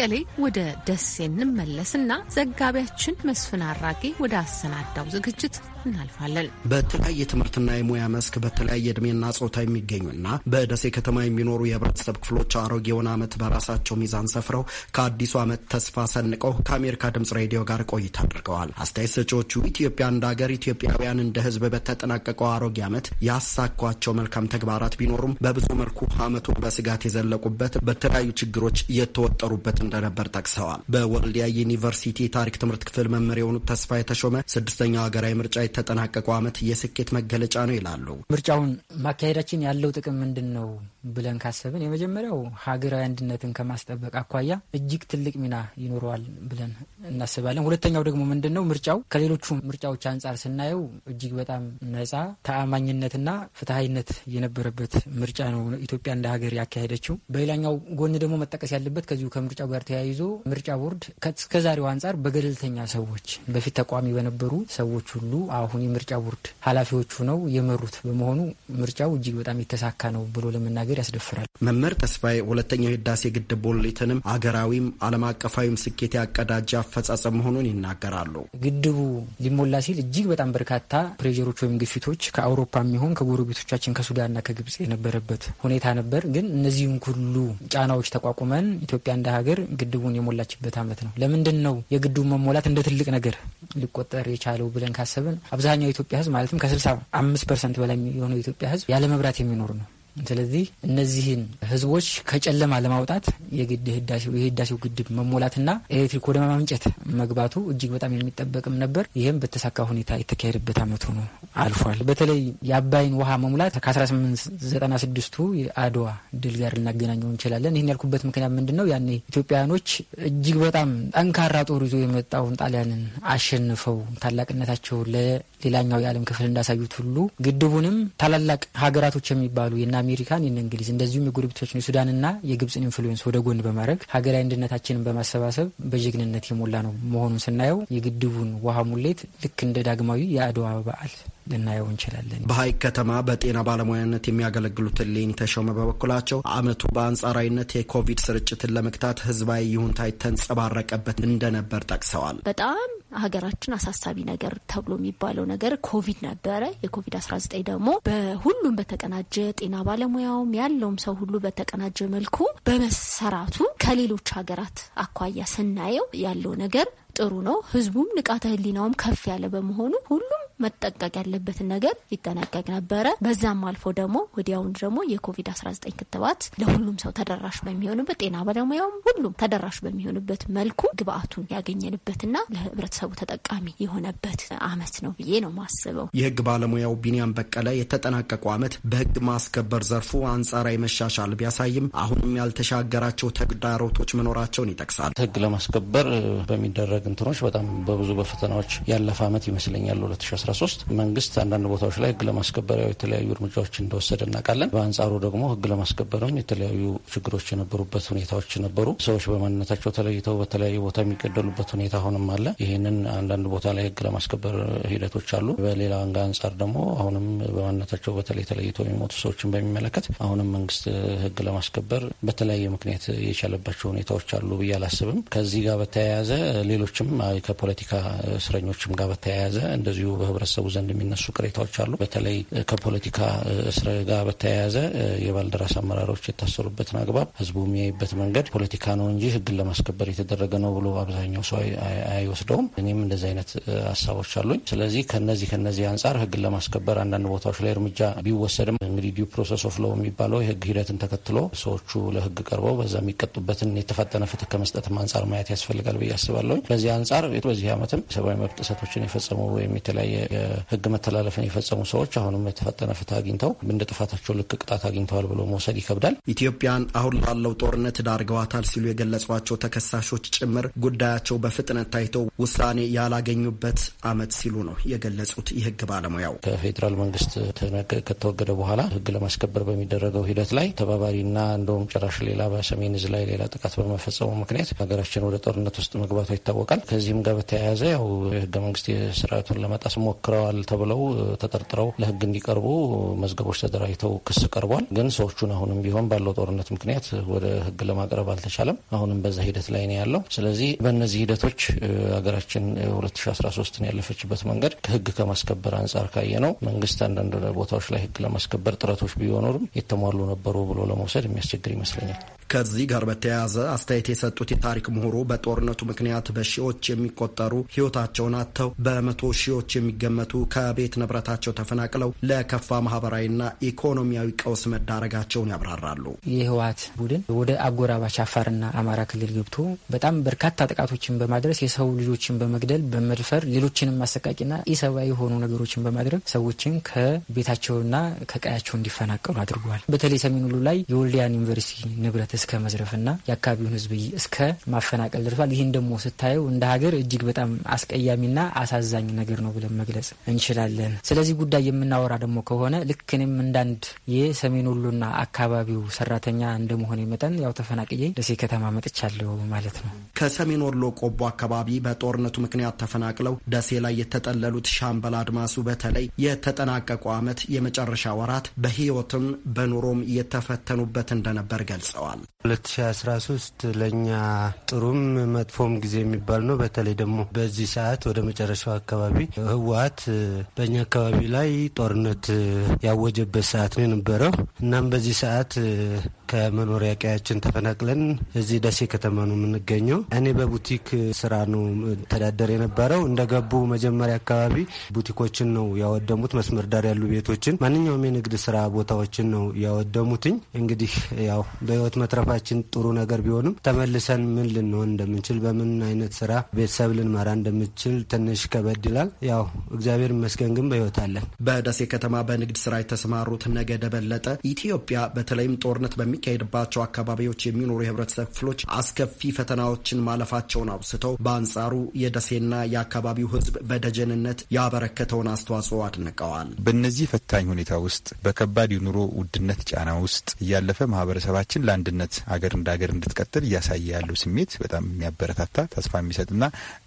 መቀሌ ወደ ደሴ እንመለስና ዘጋቢያችን መስፍን አራጌ ወደ አሰናዳው ዝግጅት እናልፋለን። በተለያየ ትምህርትና የሙያ መስክ በተለያየ እድሜና ጾታ የሚገኙና በደሴ ከተማ የሚኖሩ የህብረተሰብ ክፍሎች አሮጌውን ዓመት በራሳቸው ሚዛን ሰፍረው ከአዲሱ ዓመት ተስፋ ሰንቀው ከአሜሪካ ድምጽ ሬዲዮ ጋር ቆይታ አድርገዋል። አስተያየት ሰጪዎቹ ኢትዮጵያ እንደ ሀገር፣ ኢትዮጵያውያን እንደ ህዝብ በተጠናቀቀው አሮጌ አመት ያሳኳቸው መልካም ተግባራት ቢኖሩም በብዙ መልኩ ዓመቱን በስጋት የዘለቁበት በተለያዩ ችግሮች የተወጠሩበት እንደነበር ጠቅሰዋል። በወልዲያ ዩኒቨርሲቲ ታሪክ ትምህርት ክፍል መምህር የሆኑት ተስፋ የተሾመ ስድስተኛው ሀገራዊ ምርጫ የተጠናቀቀው ዓመት የስኬት መገለጫ ነው ይላሉ። ምርጫውን ማካሄዳችን ያለው ጥቅም ምንድን ነው ብለን ካሰብን የመጀመሪያው ሀገራዊ አንድነትን ከማስጠበቅ አኳያ እጅግ ትልቅ ሚና ይኖረዋል ብለን እናስባለን። ሁለተኛው ደግሞ ምንድን ነው ምርጫው ከሌሎቹ ምርጫዎች አንጻር ስናየው እጅግ በጣም ነጻ ተአማኝነትና ፍትሐዊነት የነበረበት ምርጫ ነው ኢትዮጵያ እንደ ሀገር ያካሄደችው። በሌላኛው ጎን ደግሞ መጠቀስ ያለበት ከዚሁ ከምርጫው ጋር ተያይዞ ምርጫ ቦርድ ከዛሬው አንጻር በገለልተኛ ሰዎች በፊት ተቋሚ በነበሩ ሰዎች ሁሉ አሁን የምርጫ ቦርድ ኃላፊዎቹ ነው የመሩት በመሆኑ ምርጫው እጅግ በጣም የተሳካ ነው ብሎ ለመናገር ያስደፍራል። መምህር ተስፋዬ ሁለተኛው የህዳሴ ግድብ ሙሌትንም አገራዊም ዓለም አቀፋዊም ስኬት ያቀዳጀ አፈጻጸም መሆኑን ይናገራሉ። ግድቡ ሊሞላ ሲል እጅግ በጣም በርካታ ፕሬጀሮች ወይም ግፊቶች ከአውሮፓ የሚሆን ከጎረቤቶቻችን ከሱዳንና ከግብጽ የነበረበት ሁኔታ ነበር። ግን እነዚህን ሁሉ ጫናዎች ተቋቁመን ኢትዮጵያ እንደ ሀገር ግድቡን የሞላችበት አመት ነው። ለምንድን ነው የግድቡ መሞላት እንደ ትልቅ ነገር ሊቆጠር የቻለው ብለን ካሰብን አብዛኛው የኢትዮጵያ ህዝብ ማለትም ከ65 ፐርሰንት በላይ የሚሆነው የኢትዮጵያ ህዝብ ያለ መብራት የሚኖር ነው። ስለዚህ እነዚህን ህዝቦች ከጨለማ ለማውጣት የግድ የህዳሴው ግድብ መሞላትና ኤሌክትሪክ ወደ ማመንጨት መግባቱ እጅግ በጣም የሚጠበቅም ነበር። ይህም በተሳካ ሁኔታ የተካሄደበት አመት ሆኖ አልፏል። በተለይ የአባይን ውሃ መሙላት ከ1896ቱ የአድዋ ድል ጋር ልናገናኘው እንችላለን። ይህን ያልኩበት ምክንያት ምንድን ነው? ያኔ ኢትዮጵያውያኖች እጅግ በጣም ጠንካራ ጦር ይዞ የመጣውን ጣሊያንን አሸንፈው ታላቅነታቸው ለሌላኛው የዓለም ክፍል እንዳሳዩት ሁሉ ግድቡንም ታላላቅ ሀገራቶች የሚባሉ የና የአሜሪካን የነ እንግሊዝ እንደዚሁም የጎረቤቶችን የሱዳንና የግብፅን ኢንፍሉዌንስ ወደ ጎን በማድረግ ሀገራዊ አንድነታችንን በማሰባሰብ በጀግንነት የሞላ ነው መሆኑን ስናየው የግድቡን ውሃ ሙሌት ልክ እንደ ዳግማዊ የአድዋ በዓል ልናየው እንችላለን። በሀይቅ ከተማ በጤና ባለሙያነት የሚያገለግሉትን ሌኒ ተሾመ በበኩላቸው አመቱ በአንጻራዊነት የኮቪድ ስርጭትን ለመግታት ህዝባዊ ይሁንታ ተንጸባረቀበት እንደነበር ጠቅሰዋል። በጣም ሀገራችን አሳሳቢ ነገር ተብሎ የሚባለው ነገር ኮቪድ ነበረ። የኮቪድ-19 ደግሞ በሁሉም በተቀናጀ ጤና ባለሙያውም ያለውም ሰው ሁሉ በተቀናጀ መልኩ በመሰራቱ ከሌሎች ሀገራት አኳያ ስናየው ያለው ነገር ጥሩ ነው። ህዝቡም ንቃተ ህሊናውም ከፍ ያለ በመሆኑ ሁሉም መጠንቀቅ ያለበትን ነገር ይጠነቀቅ ነበረ። በዛም አልፎ ደግሞ ወዲያውን ደግሞ የኮቪድ-19 ክትባት ለሁሉም ሰው ተደራሽ በሚሆንበት ጤና ባለሙያውም ሁሉም ተደራሽ በሚሆንበት መልኩ ግብአቱን ያገኘንበትና ለህብረተሰቡ ተጠቃሚ የሆነበት አመት ነው ብዬ ነው ማስበው። የህግ ባለሙያው ቢኒያም በቀለ የተጠናቀቀው አመት በህግ ማስከበር ዘርፉ አንጻራዊ መሻሻል ቢያሳይም አሁንም ያልተሻገራቸው ተግዳሮቶች መኖራቸውን ይጠቅሳል። ህግ ለማስከበር በሚደረግ እንትኖች በጣም በብዙ በፈተናዎች ያለፈ አመት ይመስለኛል 2017 2013 መንግስት አንዳንድ ቦታዎች ላይ ህግ ለማስከበር የተለያዩ እርምጃዎች እንደወሰደ እናውቃለን። በአንጻሩ ደግሞ ህግ ለማስከበርም የተለያዩ ችግሮች የነበሩበት ሁኔታዎች ነበሩ። ሰዎች በማንነታቸው ተለይተው በተለያየ ቦታ የሚገደሉበት ሁኔታ አሁንም አለ። ይህንን አንዳንድ ቦታ ላይ ህግ ለማስከበር ሂደቶች አሉ። በሌላ አንጻር ደግሞ አሁንም በማንነታቸው በተለይ ተለይተው የሚሞቱ ሰዎችን በሚመለከት አሁንም መንግስት ህግ ለማስከበር በተለያየ ምክንያት የቻለባቸው ሁኔታዎች አሉ ብዬ አላስብም። ከዚህ ጋር በተያያዘ ሌሎችም ከፖለቲካ እስረኞችም ጋር በተያያዘ እንደዚሁ በህብረተሰቡ ዘንድ የሚነሱ ቅሬታዎች አሉ። በተለይ ከፖለቲካ እስር ጋር በተያያዘ የባልደራስ አመራሮች የታሰሩበትን አግባብ ህዝቡ የሚያይበት መንገድ ፖለቲካ ነው እንጂ ህግን ለማስከበር የተደረገ ነው ብሎ አብዛኛው ሰው አይወስደውም። እኔም እንደዚህ አይነት ሀሳቦች አሉኝ። ስለዚህ ከነዚህ ከነዚህ አንጻር ህግን ለማስከበር አንዳንድ ቦታዎች ላይ እርምጃ ቢወሰድም እንግዲህ ዲው ፕሮሰስ ኦፍ ሎ የሚባለው የህግ ሂደትን ተከትሎ ሰዎቹ ለህግ ቀርበው በዛ የሚቀጡበትን የተፋጠነ ፍትህ ከመስጠት አንጻር ማየት ያስፈልጋል ብዬ አስባለሁ። በዚህ አንጻር በዚህ አመትም ሰብአዊ መብት ጥሰቶችን የፈጸሙ ወይም የተለያየ የህግ መተላለፍን የፈጸሙ ሰዎች አሁንም የተፋጠነ ፍትህ አግኝተው እንደ ጥፋታቸው ልክ ቅጣት አግኝተዋል ብሎ መውሰድ ይከብዳል። ኢትዮጵያን አሁን ላለው ጦርነት ዳርገዋታል ሲሉ የገለጿቸው ተከሳሾች ጭምር ጉዳያቸው በፍጥነት ታይተው ውሳኔ ያላገኙበት አመት ሲሉ ነው የገለጹት። የህግ ባለሙያው ከፌዴራል መንግስት ከተወገደ በኋላ ህግ ለማስከበር በሚደረገው ሂደት ላይ ተባባሪና እንደውም ጭራሽ ሌላ በሰሜን እዝ ላይ ሌላ ጥቃት በመፈጸሙ ምክንያት ሀገራችን ወደ ጦርነት ውስጥ መግባቷ ይታወቃል። ከዚህም ጋር በተያያዘ ያው የህገ መንግስት ስርዓቱን ለመጣስ ሞ ሞክረዋል ተብለው ተጠርጥረው ለህግ እንዲቀርቡ መዝገቦች ተደራጅተው ክስ ቀርቧል። ግን ሰዎቹን አሁንም ቢሆን ባለው ጦርነት ምክንያት ወደ ህግ ለማቅረብ አልተቻለም። አሁንም በዛ ሂደት ላይ ነው ያለው። ስለዚህ በእነዚህ ሂደቶች ሀገራችን 2013ን ያለፈችበት መንገድ ህግ ከማስከበር አንጻር ካየ ነው መንግስት አንዳንድ ቦታዎች ላይ ህግ ለማስከበር ጥረቶች ቢኖሩም የተሟሉ ነበሩ ብሎ ለመውሰድ የሚያስቸግር ይመስለኛል። ከዚህ ጋር በተያያዘ አስተያየት የሰጡት የታሪክ ምሁሩ በጦርነቱ ምክንያት በሺዎች የሚቆጠሩ ህይወታቸውን አጥተው በመቶ ሺዎች የሚገ የሚገመቱ ከቤት ንብረታቸው ተፈናቅለው ለከፋ ማህበራዊና ኢኮኖሚያዊ ቀውስ መዳረጋቸውን ያብራራሉ። የህወሀት ቡድን ወደ አጎራባች አፋርና አማራ ክልል ገብቶ በጣም በርካታ ጥቃቶችን በማድረስ የሰው ልጆችን በመግደል በመድፈር፣ ሌሎችንም አሰቃቂና ኢሰብአዊ የሆኑ ነገሮችን በማድረግ ሰዎችን ከቤታቸውና ከቀያቸው እንዲፈናቀሉ አድርጓል። በተለይ ሰሜን ሁሉ ላይ የወልዲያን ዩኒቨርሲቲ ንብረት እስከ መዝረፍና የአካባቢውን ህዝብ እስከ ማፈናቀል ደርሷል። ይህን ደግሞ ስታየው እንደ ሀገር እጅግ በጣም አስቀያሚና አሳዛኝ ነገር ነው ብለን መግለ መግለጽ እንችላለን። ስለዚህ ጉዳይ የምናወራ ደግሞ ከሆነ ልክ እኔም እንዳንድ የሰሜን ወሎና አካባቢው ሰራተኛ እንደመሆን መጠን ያው ተፈናቅዬ ደሴ ከተማ መጥቻለሁ ማለት ነው። ከሰሜን ወሎ ቆቦ አካባቢ በጦርነቱ ምክንያት ተፈናቅለው ደሴ ላይ የተጠለሉት ሻምበል አድማሱ በተለይ የተጠናቀቁ ዓመት የመጨረሻ ወራት በህይወትም በኑሮም የተፈተኑበት እንደነበር ገልጸዋል። 2013 ለእኛ ጥሩም መጥፎም ጊዜ የሚባል ነው። በተለይ ደግሞ በዚህ ሰዓት ወደ መጨረሻው አካባቢ ህወሀት ሰዓት በእኛ አካባቢ ላይ ጦርነት ያወጀበት ሰዓት ነው የነበረው። እናም በዚህ ሰዓት ከመኖሪያ ቀያችን ተፈናቅለን እዚህ ደሴ ከተማ ነው የምንገኘው። እኔ በቡቲክ ስራ ነው ተዳደር የነበረው። እንደገቡ መጀመሪያ አካባቢ ቡቲኮችን ነው ያወደሙት። መስመር ዳር ያሉ ቤቶችን፣ ማንኛውም የንግድ ስራ ቦታዎችን ነው ያወደሙትኝ። እንግዲህ ያው በህይወት መትረፋችን ጥሩ ነገር ቢሆንም ተመልሰን ምን ልንሆን እንደምንችል፣ በምን አይነት ስራ ቤተሰብ ልንመራ እንደምንችል ትንሽ ከበድ ይላል። ያው እግዚአብሔር ይመስገን ግን በህይወት አለን። በደሴ ከተማ በንግድ ስራ የተሰማሩት ነገ ደበለጠ ኢትዮጵያ በተለይም ጦርነት በሚ በሚካሄድባቸው አካባቢዎች የሚኖሩ የህብረተሰብ ክፍሎች አስከፊ ፈተናዎችን ማለፋቸውን አውስተው በአንጻሩ የደሴና የአካባቢው ህዝብ በደጀንነት ያበረከተውን አስተዋጽኦ አድንቀዋል። በእነዚህ ፈታኝ ሁኔታ ውስጥ በከባድ የኑሮ ውድነት ጫና ውስጥ እያለፈ ማህበረሰባችን ለአንድነት አገር እንደ አገር እንድትቀጥል እያሳየ ያለው ስሜት በጣም የሚያበረታታ ተስፋ የሚሰጥና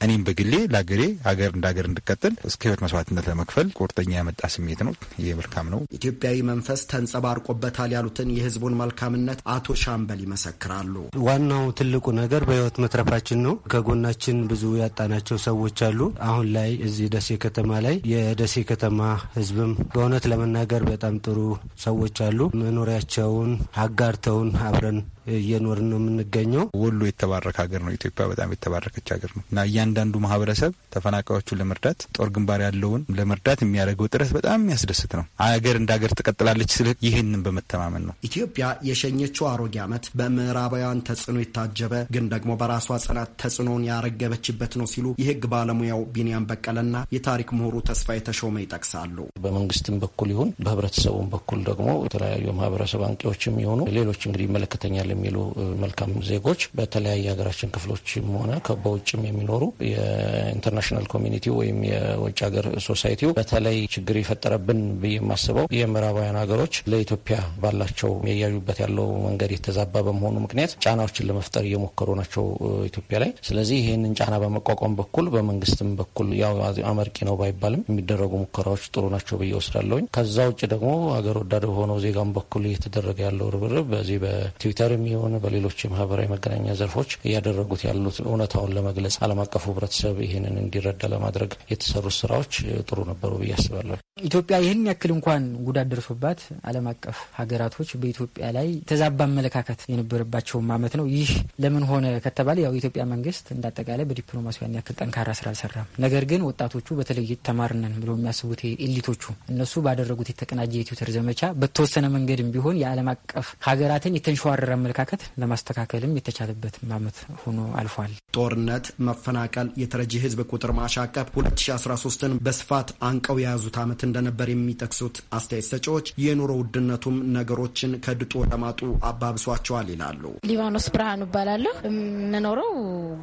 እኔም በግሌ ለአገሬ አገር እንደ አገር እንድቀጥል እስከ ህይወት መስዋዕትነት ለመክፈል ቁርጠኛ ያመጣ ስሜት ነው። ይህ መልካም ነው። ኢትዮጵያዊ መንፈስ ተንጸባርቆበታል ያሉትን የህዝቡን መልካም መልካምነት አቶ ሻምበል ይመሰክራሉ። ዋናው ትልቁ ነገር በህይወት መትረፋችን ነው። ከጎናችን ብዙ ያጣናቸው ሰዎች አሉ። አሁን ላይ እዚህ ደሴ ከተማ ላይ የደሴ ከተማ ህዝብም በእውነት ለመናገር በጣም ጥሩ ሰዎች አሉ። መኖሪያቸውን አጋርተውን አብረን እየኖር ነው የምንገኘው። ወሎ የተባረከ ሀገር ነው። ኢትዮጵያ በጣም የተባረከች ሀገር ነው እና እያንዳንዱ ማህበረሰብ ተፈናቃዮቹን ለመርዳት ጦር ግንባር ያለውን ለመርዳት የሚያደርገው ጥረት በጣም የሚያስደስት ነው። ሀገር እንደ ሀገር ትቀጥላለች ስል ይህንን በመተማመን ነው። ኢትዮጵያ የሸኘችው አሮጌ ዓመት በምዕራባውያን ተጽዕኖ የታጀበ ግን ደግሞ በራሷ ጽናት ተጽዕኖውን ያረገበችበት ነው ሲሉ የህግ ባለሙያው ቢንያም በቀለና የታሪክ ምሁሩ ተስፋ የተሾመ ይጠቅሳሉ። በመንግስትም በኩል ይሁን በህብረተሰቡም በኩል ደግሞ የተለያዩ ማህበረሰብ አንቂዎችም የሆኑ ሌሎች እንግዲህ ይመለከተኛል የሚሉ መልካም ዜጎች በተለያየ ሀገራችን ክፍሎችም ሆነ በውጭም የሚኖሩ የኢንተርናሽናል ኮሚኒቲ ወይም የውጭ ሀገር ሶሳይቲው በተለይ ችግር የፈጠረብን ብዬ የማስበው የምዕራባውያን ሀገሮች ለኢትዮጵያ ባላቸው የያዩበት ያለው መንገድ የተዛባ በመሆኑ ምክንያት ጫናዎችን ለመፍጠር እየሞከሩ ናቸው ኢትዮጵያ ላይ። ስለዚህ ይህንን ጫና በመቋቋም በኩል በመንግስትም በኩል ያው አመርቂ ነው ባይባልም የሚደረጉ ሙከራዎች ጥሩ ናቸው ብዬ ወስዳለሁኝ። ከዛ ውጭ ደግሞ ሀገር ወዳድ በሆነው ዜጋም በኩል እየተደረገ ያለው ርብርብ በዚህ በትዊተርም የሆነ በሌሎች የማህበራዊ መገናኛ ዘርፎች እያደረጉት ያሉት እውነታውን ለመግለጽ ዓለም አቀፉ ህብረተሰብ ይህንን እንዲረዳ ለማድረግ የተሰሩት ስራዎች ጥሩ ነበሩ ብዬ አስባለሁ። ኢትዮጵያ ይህን ያክል እንኳን ጉዳት ደርሶባት ዓለም አቀፍ ሀገራቶች በኢትዮጵያ ላይ ተዛባ አመለካከት የነበረባቸውም አመት ነው። ይህ ለምን ሆነ ከተባለ ያው የኢትዮጵያ መንግስት እንዳጠቃላይ በዲፕሎማሲ ያን ያክል ጠንካራ ስራ አልሰራም። ነገር ግን ወጣቶቹ በተለይ ተማርነን ብለው የሚያስቡት ኤሊቶቹ እነሱ ባደረጉት የተቀናጀ የትዊተር ዘመቻ በተወሰነ መንገድም ቢሆን የዓለም አቀፍ ሀገራትን የተንሸዋረረ አመለካከት አመለካከት ለማስተካከልም የተቻለበት አመት ሆኖ አልፏል። ጦርነት፣ መፈናቀል፣ የተረጂ ህዝብ ቁጥር ማሻቀብ 2013ን በስፋት አንቀው የያዙት አመት እንደነበር የሚጠቅሱት አስተያየት ሰጪዎች የኑሮ ውድነቱም ነገሮችን ከድጡ ለማጡ አባብሷቸዋል ይላሉ። ሊባኖስ ብርሃኑ እባላለሁ። የምኖረው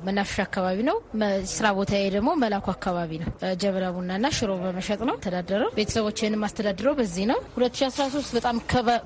መናፈሻ አካባቢ ነው። ስራ ቦታዬ ደግሞ መላኩ አካባቢ ነው። ጀበላ ቡናና ሽሮ በመሸጥ ነው ተዳደረው። ቤተሰቦቼንም አስተዳድረው በዚህ ነው። 2013 በጣም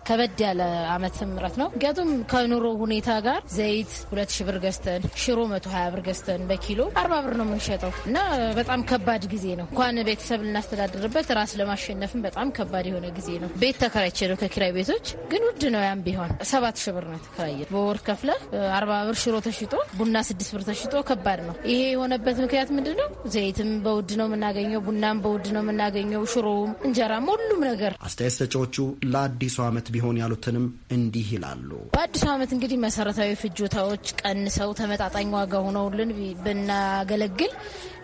ከበድ ያለ አመት ምረት ነው። ምክንያቱም ከኑሮ ሁኔታ ጋር ዘይት ሁለት ሺ ብር ገዝተን ሽሮ መቶ ሀያ ብር ገዝተን በኪሎ አርባ ብር ነው የምንሸጠው እና በጣም ከባድ ጊዜ ነው። እንኳን ቤተሰብ ልናስተዳድርበት ራስ ለማሸነፍም በጣም ከባድ የሆነ ጊዜ ነው። ቤት ተከራይቼ ነው ከኪራይ ቤቶች ግን ውድ ነው። ያም ቢሆን ሰባት ሺ ብር ነው የተከራየ በወር ከፍለ አርባ ብር ሽሮ ተሽጦ ቡና ስድስት ብር ተሽጦ ከባድ ነው። ይሄ የሆነበት ምክንያት ምንድን ነው? ዘይትም በውድ ነው የምናገኘው፣ ቡናም በውድ ነው የምናገኘው፣ ሽሮውም፣ እንጀራም ሁሉም ነገር። አስተያየት ሰጪዎቹ ለአዲሱ ዓመት ቢሆን ያሉትንም እንዲህ ይላሉ። በአዲሱ ዓመት እንግዲህ መሰረታዊ ፍጆታዎች ቀንሰው ተመጣጣኝ ዋጋ ሆነውልን ብናገለግል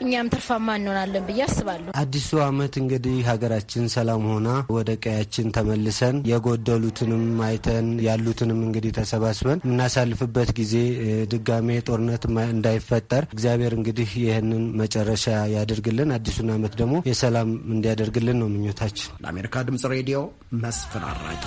እኛም ትርፋማ እንሆናለን ብዬ አስባለሁ። አዲሱ ዓመት እንግዲህ ሀገራችን ሰላም ሆና ወደ ቀያችን ተመልሰን የጎደሉትንም አይተን ያሉትንም እንግዲህ ተሰባስበን የምናሳልፍበት ጊዜ ድጋሜ ጦርነት እንዳይፈጠር እግዚአብሔር እንግዲህ ይህንን መጨረሻ ያደርግልን። አዲሱን ዓመት ደግሞ የሰላም እንዲያደርግልን ነው ምኞታችን። ለአሜሪካ ድምጽ ሬዲዮ መስፍን አራቂ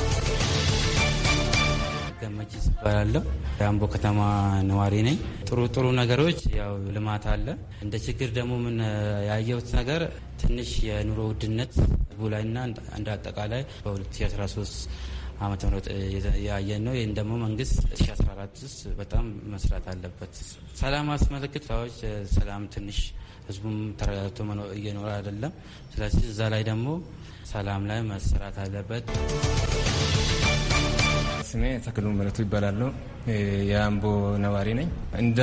ገመቺስ ይባላለሁ። የአምቦ ከተማ ነዋሪ ነኝ። ጥሩ ጥሩ ነገሮች ያው ልማት አለ። እንደ ችግር ደግሞ ምን ያየሁት ነገር ትንሽ የኑሮ ውድነት ህዝቡ ላይና እንደ አጠቃላይ በ2013 ዓመተ ምህረት ያየን ነው። ይህን ደግሞ መንግስት 2014 ውስጥ በጣም መስራት አለበት። ሰላም አስመልክት ሰዎች ሰላም ትንሽ ህዝቡም ተረጋግቶ እየኖረ አይደለም። ስለዚህ እዛ ላይ ደግሞ ሰላም ላይ መስራት አለበት። ስሜ ተክሉ ምረቱ ይባላሉ። የአምቦ ነዋሪ ነኝ። እንደ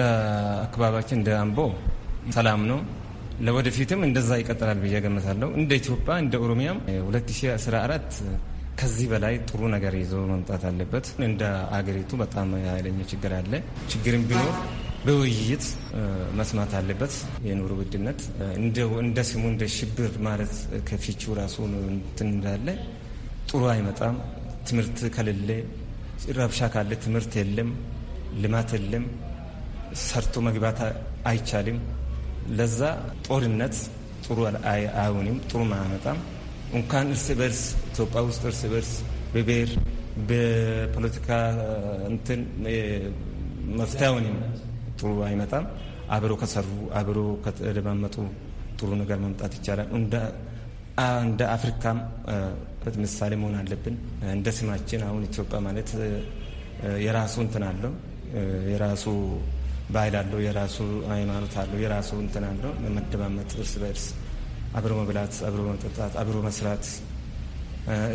አካባቢያችን እንደ አምቦ ሰላም ነው። ለወደፊትም እንደዛ ይቀጥላል ብዬ ገምታለሁ። እንደ ኢትዮጵያ እንደ ኦሮሚያም 2014 ከዚህ በላይ ጥሩ ነገር ይዞ መምጣት አለበት። እንደ አገሪቱ በጣም የኃይለኛ ችግር አለ። ችግርም ቢኖር በውይይት መስማት አለበት። የኑሮ ውድነት እንደ ስሙ እንደ ሽብር ማለት ከፊቹ ራሱ እንትን እንዳለ ጥሩ አይመጣም። ትምህርት ከሌለ ረብሻ ካለ ትምህርት የለም፣ ልማት የለም፣ ሰርቶ መግባት አይቻልም። ለዛ ጦርነት ጥሩ አይሆንም፣ ጥሩ አያመጣም። እንኳን እርስ በርስ ኢትዮጵያ ውስጥ እርስ በርስ በብሔር በፖለቲካ እንትን መፍትያውንም ጥሩ አይመጣም። አብሮ ከሰሩ አብሮ ከተደማመጡ ጥሩ ነገር መምጣት ይቻላል። እንደ አፍሪካም አለበት፣ ምሳሌ መሆን አለብን። እንደ ስማችን አሁን ኢትዮጵያ ማለት የራሱ እንትን አለው፣ የራሱ ባህል አለው፣ የራሱ ሃይማኖት አለው፣ የራሱ እንትን አለው። መደማመጥ፣ እርስ በእርስ አብሮ መብላት፣ አብሮ መጠጣት፣ አብሮ መስራት፣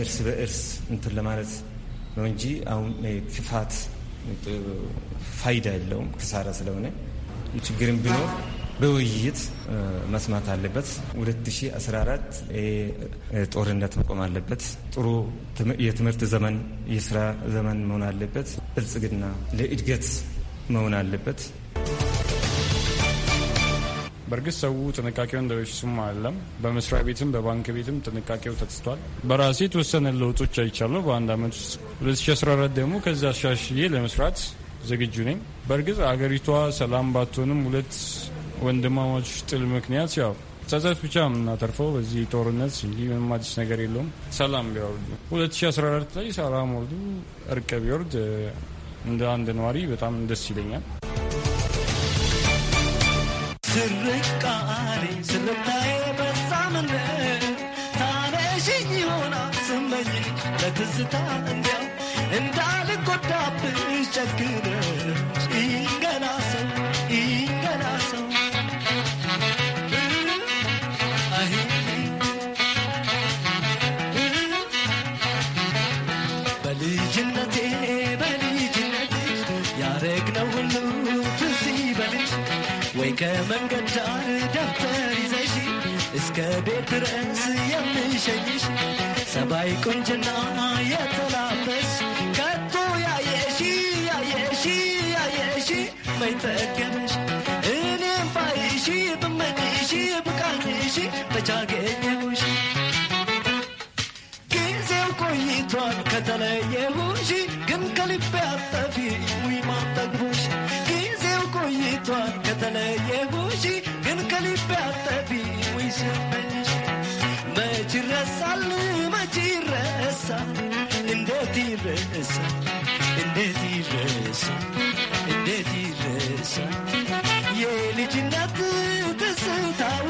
እርስ በእርስ እንትን ለማለት ነው እንጂ አሁን ክፋት ፋይዳ የለውም፣ ክሳራ ስለሆነ ችግርም ቢኖር በውይይት መስማት አለበት። 2014 ጦርነት መቆም አለበት። ጥሩ የትምህርት ዘመን፣ የስራ ዘመን መሆን አለበት። ብልጽግና ለእድገት መሆን አለበት። በእርግጥ ሰው ጥንቃቄውን ስሙ አለም። በመስሪያ ቤትም በባንክ ቤትም ጥንቃቄው ተትቷል። በራሴ የተወሰነ ለውጦች አይቻለሁ በአንድ አመት ውስጥ 2014 ደግሞ ከዚያ አሻሽዬ ለመስራት ዝግጁ ነኝ። በእርግጥ አገሪቷ ሰላም ባትሆንም ሁለት ወንድማማች ጥል ምክንያት ያው ጸጸት ብቻ የምናተርፈው በዚህ ጦርነት እንጂ ምንም አዲስ ነገር የለውም። ሰላም ቢወርዱ 2014 ላይ ሰላም ወርዱ እርቅ ቢወርድ እንደ አንድ ነዋሪ በጣም ደስ ይለኛል። ስመኝ ለትዝታ እንዲያው እንዳልጎዳብሽ ከመንገድ ዳር ደብተር ይዘሽ እስከ ቤት ድረስ የምሸኝሽ ሰባይ ቁንጅና የተላበሽ ከቶ ያየሽ ያየሽ ያየሽ መይጠገበሽ እኔም ባይሽ ብመቅሽ ብቃንሽ በቻገኘሁሽ ጊዜው ቆይቷል ከተለየሁሽ ሸመንሽ መች ይረሳል መች ይረሳል እንዴት ይረሳል እንዴት ይረሳል እንዴት ይረሳል የልጅነት ትዝታው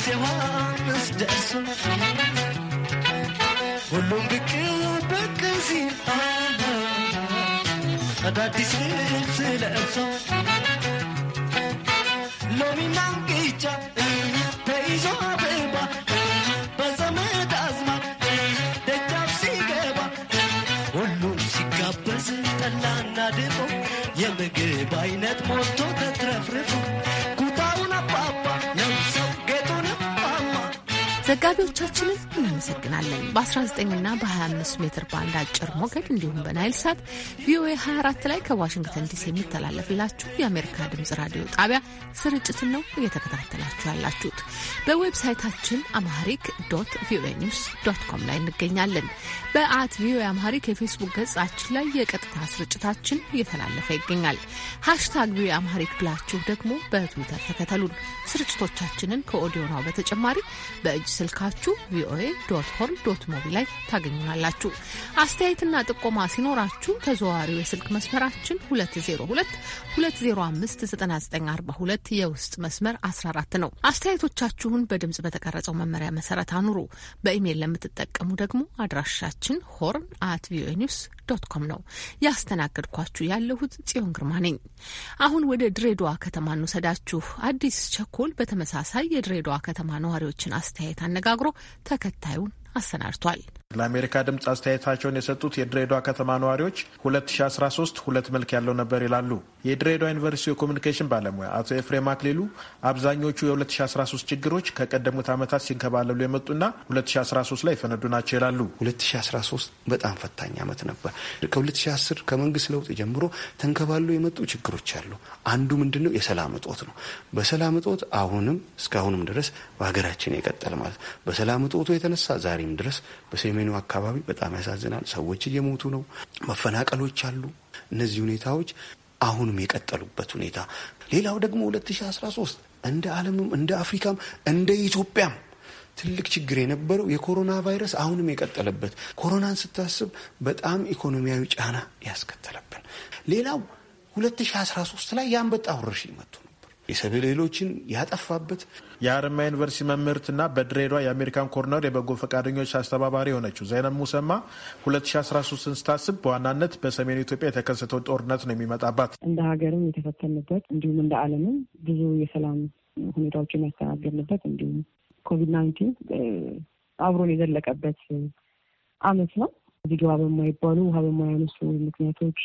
ቅዱስ ዮሐንስ ደርሶ ሁሉም ብቅ ብቅ ሲል አዳዲስ ልብስ ለብሶ ሎሚና እንቅጫ ተይዞ አበባ በዘመድ አዝማድ ደጃፍ ሲገባ ሁሉም ሲጋበዝ ጠላና ድፎ የምግብ አይነት ሞልቶ ተትረፍርፎ ዘጋቢዎቻችንን እናመሰግናለን። በ19ና በ25 ሜትር ባንድ አጭር ሞገድ እንዲሁም በናይል ሳት ቪኦኤ 24 ላይ ከዋሽንግተን ዲሲ የሚተላለፍላችሁ የአሜሪካ ድምጽ ራዲዮ ጣቢያ ስርጭትን ነው እየተከታተላችሁ ያላችሁት። በዌብሳይታችን አማሪክ ዶት ቪኦኤ ኒውስ ዶት ኮም ላይ እንገኛለን። በአት ቪኦኤ አማሪክ የፌስቡክ ገጻችን ላይ የቀጥታ ስርጭታችን እየተላለፈ ይገኛል። ሃሽታግ ቪኦኤ አማሪክ ብላችሁ ደግሞ በትዊተር ተከተሉን። ስርጭቶቻችንን ከኦዲዮ ናው በተጨማሪ በእጅ ስልካችሁ ቪኦኤ ዶት ሆርን ዶት ሞቢ ላይ ታገኙናላችሁ። አስተያየትና ጥቆማ ሲኖራችሁ ተዘዋዋሪው የስልክ መስመራችን 2022059942 የውስጥ መስመር 14 ነው። አስተያየቶቻችሁን በድምጽ በተቀረጸው መመሪያ መሰረት አኑሩ። በኢሜይል ለምትጠቀሙ ደግሞ አድራሻችን ሆርን አት ቪኦኤ ኒውስ ዶት ኮም ነው። ያስተናገድኳችሁ ያለሁት ጽዮን ግርማ ነኝ። አሁን ወደ ድሬዳዋ ከተማ እንውሰዳችሁ። አዲስ ቸኮል በተመሳሳይ የድሬዳዋ ከተማ ነዋሪዎችን አስተያየት አነጋግሮ ተከታዩን አሰናድቷል። ለአሜሪካ ድምፅ አስተያየታቸውን የሰጡት የድሬዳዋ ከተማ ነዋሪዎች 2013 ሁለት መልክ ያለው ነበር ይላሉ። የድሬዳዋ ዩኒቨርሲቲ የኮሚኒኬሽን ባለሙያ አቶ ኤፍሬም አክሊሉ አብዛኞቹ የ2013 ችግሮች ከቀደሙት ዓመታት ሲንከባለሉ የመጡና 2013 ላይ የፈነዱ ናቸው ይላሉ። 2013 በጣም ፈታኝ ዓመት ነበር። ከ2010 ከመንግስት ለውጥ ጀምሮ ተንከባለው የመጡ ችግሮች አሉ። አንዱ ምንድነው? የሰላም እጦት ነው። በሰላም እጦት አሁንም እስካሁንም ድረስ በሀገራችን የቀጠለ ማለት በሰላም እጦቱ የተነሳ ዛሬም ድረስ በሰሜኑ አካባቢ በጣም ያሳዝናል። ሰዎች እየሞቱ ነው። መፈናቀሎች አሉ። እነዚህ ሁኔታዎች አሁንም የቀጠሉበት ሁኔታ። ሌላው ደግሞ 2013 እንደ ዓለምም እንደ አፍሪካም እንደ ኢትዮጵያም ትልቅ ችግር የነበረው የኮሮና ቫይረስ አሁንም የቀጠለበት ኮሮናን ስታስብ በጣም ኢኮኖሚያዊ ጫና ያስከተለብን። ሌላው 2013 ላይ የአንበጣ ወረርሽኝ መጥቶ ነው። የሰብል እህሎችን ያጠፋበት የአርማ ዩኒቨርሲቲ መምህርትና በድሬዷ የአሜሪካን ኮርነር የበጎ ፈቃደኞች አስተባባሪ የሆነችው ዘይነብ ሙሰማ 2013ን ስታስብ በዋናነት በሰሜን ኢትዮጵያ የተከሰተው ጦርነት ነው የሚመጣባት። እንደ ሀገርም የተፈተንበት እንዲሁም እንደ ዓለምም ብዙ የሰላም ሁኔታዎችን ያስተናገድንበት እንዲሁም ኮቪድ ናይንቲን አብሮን የዘለቀበት አመት ነው። እዚህ ግባ በማይባሉ ውሃ በማያነሱ ምክንያቶች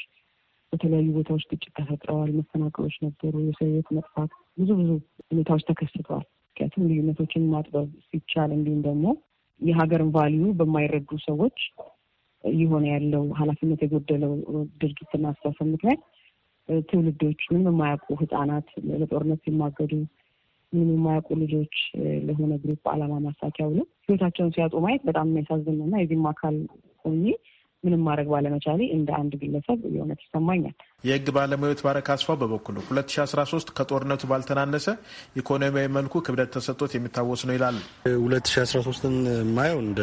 በተለያዩ ቦታዎች ግጭት ተፈጥረዋል። መፈናቀሎች ነበሩ። የሰው መጥፋት፣ ብዙ ብዙ ሁኔታዎች ተከስተዋል። ምክንያቱም ልዩነቶችን ማጥበብ ሲቻል እንዲሁም ደግሞ የሀገርን ቫሊዩ በማይረዱ ሰዎች እየሆነ ያለው ኃላፊነት የጎደለው ድርጊትና አስተሳሰብ ምክንያት ትውልዶች ምንም የማያውቁ ህጻናት ለጦርነት ሲማገዱ ምንም የማያውቁ ልጆች ለሆነ ግሩፕ አላማ ማሳኪያ ብሎ ህይወታቸውን ሲያጡ ማየት በጣም የሚያሳዝን እና የዚህም አካል ሆኜ ምንም ማድረግ ባለመቻሌ እንደ አንድ ግለሰብ የእውነት ይሰማኛል። የህግ ባለሙያዎች ባረክ አስፋው በበኩሉ 2013 ከጦርነቱ ባልተናነሰ ኢኮኖሚያዊ መልኩ ክብደት ተሰጥቶት የሚታወስ ነው ይላል 2013 2013ን የማየው እንደ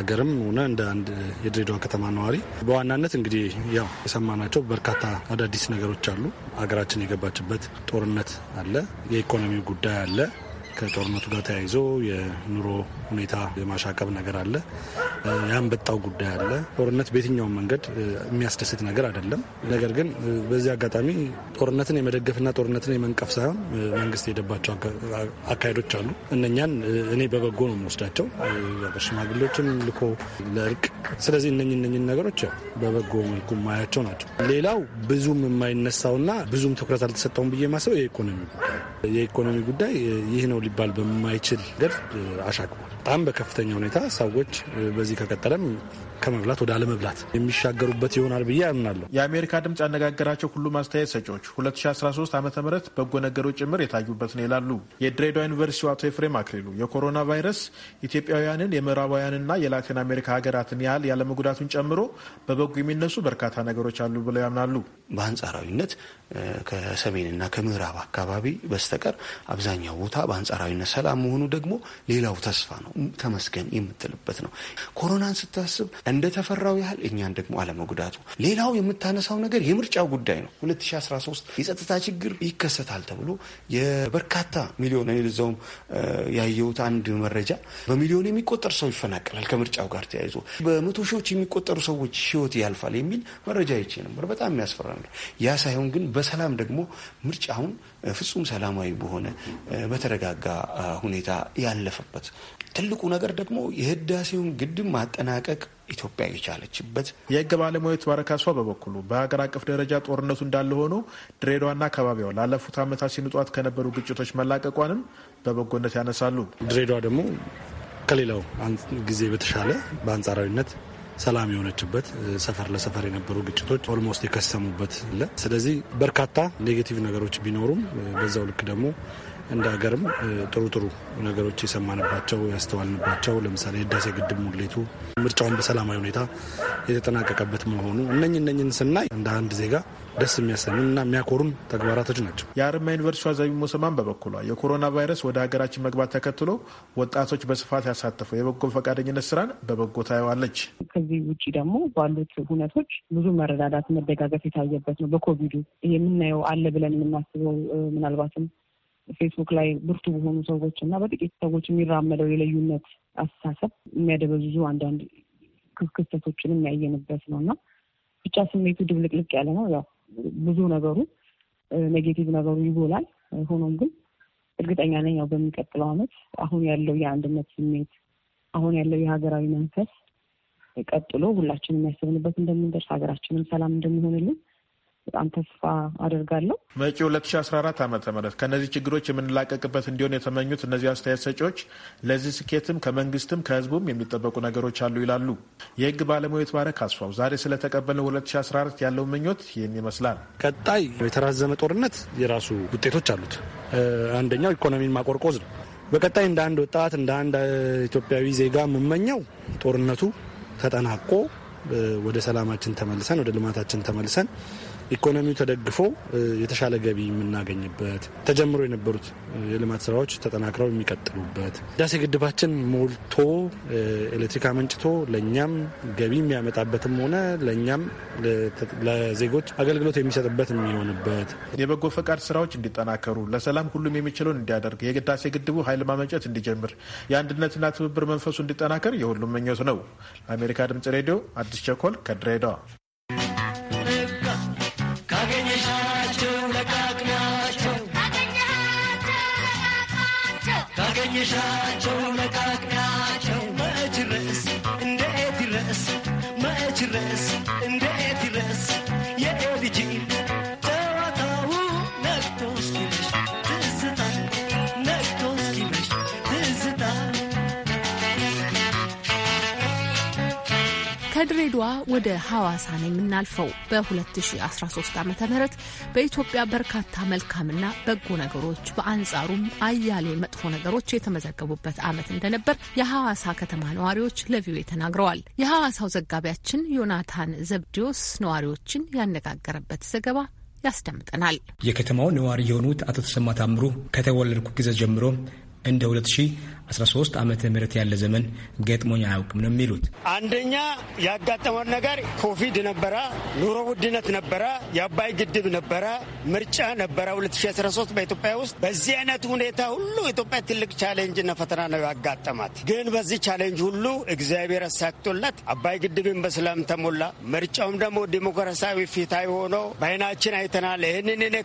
አገርም ሆነ እንደ አንድ የድሬዳዋ ከተማ ነዋሪ በዋናነት እንግዲህ ያው የሰማናቸው በርካታ አዳዲስ ነገሮች አሉ። አገራችን የገባችበት ጦርነት አለ፣ የኢኮኖሚ ጉዳይ አለ ከጦርነቱ ጋር ተያይዞ የኑሮ ሁኔታ የማሻቀብ ነገር አለ። የአንበጣው ጉዳይ አለ። ጦርነት በየትኛውም መንገድ የሚያስደስት ነገር አይደለም። ነገር ግን በዚህ አጋጣሚ ጦርነትን የመደገፍና ጦርነትን የመንቀፍ ሳይሆን መንግስት የሄደባቸው አካሄዶች አሉ። እነኛን እኔ በበጎ ነው የምወስዳቸው ሀገር ልኮ ለእርቅ። ስለዚህ እነኝ እነኝን ነገሮች በበጎ መልኩ ማያቸው ናቸው። ሌላው ብዙም የማይነሳውና ብዙም ትኩረት አልተሰጠውም ብዬ ማሰብ የኢኮኖሚ ጉዳይ የኢኮኖሚ ጉዳይ ይህ ነው ሊባል በማይችል ገርፍ አሻቅቧል። በጣም በከፍተኛ ሁኔታ ሰዎች በዚህ ከቀጠለም ከመብላት ወደ አለመብላት የሚሻገሩበት ይሆናል ብዬ አምናለሁ። የአሜሪካ ድምፅ ያነጋገራቸው ሁሉም አስተያየት ሰጪዎች 2013 ዓ ም በጎ ነገሮች ጭምር የታዩበት ነው ይላሉ። የድሬዳዋ ዩኒቨርሲቲው አቶ ኤፍሬም አክሊሉ የኮሮና ቫይረስ ኢትዮጵያውያንን የምዕራባውያንና የላቲን አሜሪካ ሀገራትን ያህል ያለመጉዳቱን ጨምሮ በበጎ የሚነሱ በርካታ ነገሮች አሉ ብለው ያምናሉ። በአንጻራዊነት ከሰሜንና ከምዕራብ አካባቢ በስተቀር አብዛኛው ቦታ በአንጻራዊነት ሰላም መሆኑ ደግሞ ሌላው ተስፋ ነው። ተመስገን የምትልበት ነው። ኮሮናን ስታስብ እንደተፈራው ያህል እኛን ደግሞ አለመጉዳቱ። ሌላው የምታነሳው ነገር የምርጫው ጉዳይ ነው። 2013 የጸጥታ ችግር ይከሰታል ተብሎ የበርካታ ሚሊዮን እኔ እዛውም ያየሁት አንድ መረጃ በሚሊዮን የሚቆጠር ሰው ይፈናቀላል ከምርጫው ጋር ተያይዞ በመቶ ሺዎች የሚቆጠሩ ሰዎች ህይወት ያልፋል የሚል መረጃ ይቼ ነበር። በጣም የሚያስፈራ ነው። ያ ሳይሆን ግን በሰላም ደግሞ ምርጫውን ፍጹም ሰላማዊ በሆነ በተረጋጋ ሁኔታ ያለፈበት ትልቁ ነገር ደግሞ የህዳሴውን ግድብ ማጠናቀቅ ኢትዮጵያ የቻለችበት። የህግ ባለሙያዊት ባረካ በበኩሉ በሀገር አቀፍ ደረጃ ጦርነቱ እንዳለ ሆኖ ድሬዳዋና አካባቢዋ ላለፉት ዓመታት ሲንጧት ከነበሩ ግጭቶች መላቀቋንም በበጎነት ያነሳሉ። ድሬዳዋ ደግሞ ከሌላው ጊዜ በተሻለ በአንጻራዊነት ሰላም የሆነችበት ሰፈር ለሰፈር የነበሩ ግጭቶች ኦልሞስት የከሰሙበት ለ ስለዚህ በርካታ ኔጌቲቭ ነገሮች ቢኖሩም በዛው ልክ ደግሞ እንደ ሀገርም ጥሩ ጥሩ ነገሮች የሰማንባቸው ያስተዋልንባቸው፣ ለምሳሌ ህዳሴ ግድብ ሙሌቱ ምርጫውን በሰላማዊ ሁኔታ የተጠናቀቀበት መሆኑ እነኝ እነኝን ስናይ እንደ አንድ ዜጋ ደስ የሚያሰኙና የሚያኮሩን ተግባራቶች ናቸው። የአርማ ዩኒቨርሲቲ ዘቢ ሞሰማን በበኩሏ የኮሮና ቫይረስ ወደ ሀገራችን መግባት ተከትሎ ወጣቶች በስፋት ያሳተፈው የበጎ ፈቃደኝነት ስራን በበጎ ታየዋለች። ከዚህ ውጭ ደግሞ ባሉት ሁነቶች ብዙ መረዳዳት፣ መደጋገፍ የታየበት ነው። በኮቪዱ የምናየው አለ ብለን የምናስበው ምናልባትም ፌስቡክ ላይ ብርቱ በሆኑ ሰዎች እና በጥቂት ሰዎች የሚራመደው የልዩነት አስተሳሰብ የሚያደበዝዙ አንዳንድ ክስተቶችንም ያየንበት ነው እና ብቻ ስሜቱ ድብልቅልቅ ያለ ነው። ያው ብዙ ነገሩ ኔጌቲቭ ነገሩ ይጎላል። ሆኖም ግን እርግጠኛ ነኝ ያው በሚቀጥለው ዓመት አሁን ያለው የአንድነት ስሜት አሁን ያለው የሀገራዊ መንፈስ ቀጥሎ ሁላችንም የሚያስብንበት እንደምንደርስ ሀገራችንም ሰላም እንደሚሆንልን በጣም ተስፋ አደርጋለሁ። መጪ 2014 ሺ አስራ ዓመተ ምህረት ከእነዚህ ችግሮች የምንላቀቅበት እንዲሆን የተመኙት እነዚህ አስተያየት ሰጪዎች ለዚህ ስኬትም ከመንግስትም ከህዝቡም የሚጠበቁ ነገሮች አሉ ይላሉ። የህግ ባለሙያው ባረክ አስፋው ዛሬ ስለተቀበልነው 2014 ያለው ምኞት ይህን ይመስላል። ቀጣይ የተራዘመ ጦርነት የራሱ ውጤቶች አሉት። አንደኛው ኢኮኖሚን ማቆርቆዝ ነው። በቀጣይ እንደ አንድ ወጣት እንደ አንድ ኢትዮጵያዊ ዜጋ የምመኘው ጦርነቱ ተጠናቆ ወደ ሰላማችን ተመልሰን ወደ ልማታችን ተመልሰን ኢኮኖሚው ተደግፎ የተሻለ ገቢ የምናገኝበት ተጀምሮ የነበሩት የልማት ስራዎች ተጠናክረው የሚቀጥሉበት ህዳሴ ግድባችን ሞልቶ ኤሌክትሪክ አመንጭቶ ለእኛም ገቢ የሚያመጣበትም ሆነ ለእኛም ለዜጎች አገልግሎት የሚሰጥበት የሚሆንበት የበጎ ፈቃድ ስራዎች እንዲጠናከሩ ለሰላም ሁሉም የሚችለውን እንዲያደርግ የህዳሴ ግድቡ ኃይል ማመንጨት እንዲጀምር የአንድነትና ትብብር መንፈሱ እንዲጠናከር የሁሉም ምኞት ነው። ለአሜሪካ ድምጽ ሬዲዮ አዲስ ቸኮል ከድሬዳዋ ከድሬዳዋ ወደ ሐዋሳ ነው የምናልፈው። በ2013 ዓ ም በኢትዮጵያ በርካታ መልካምና በጎ ነገሮች በአንጻሩም አያሌ መጥፎ ነገሮች የተመዘገቡበት ዓመት እንደነበር የሐዋሳ ከተማ ነዋሪዎች ለቪኦኤ ተናግረዋል። የሐዋሳው ዘጋቢያችን ዮናታን ዘብዲዮስ ነዋሪዎችን ያነጋገረበት ዘገባ ያስደምጠናል። የከተማው ነዋሪ የሆኑት አቶ ተሰማ ታምሩ ከተወለድኩ ጊዜ ጀምሮ እንደ 2000 13 ዓመተ ምህረት ያለ ዘመን ገጥሞኝ አያውቅም ነው የሚሉት። አንደኛ ያጋጠመን ነገር ኮቪድ ነበረ፣ ኑሮ ውድነት ነበረ፣ የአባይ ግድብ ነበረ፣ ምርጫ ነበረ 2013 በኢትዮጵያ ውስጥ። በዚህ አይነት ሁኔታ ሁሉ ኢትዮጵያ ትልቅ ቻሌንጅና ፈተና ነው ያጋጠማት። ግን በዚህ ቻሌንጅ ሁሉ እግዚአብሔር አሳክቶለት አባይ ግድብን በሰላም ተሞላ። ምርጫውም ደግሞ ዲሞክራሲያዊ ፊታዊ ሆኖ በአይናችን አይተናል። ይህንን እኔ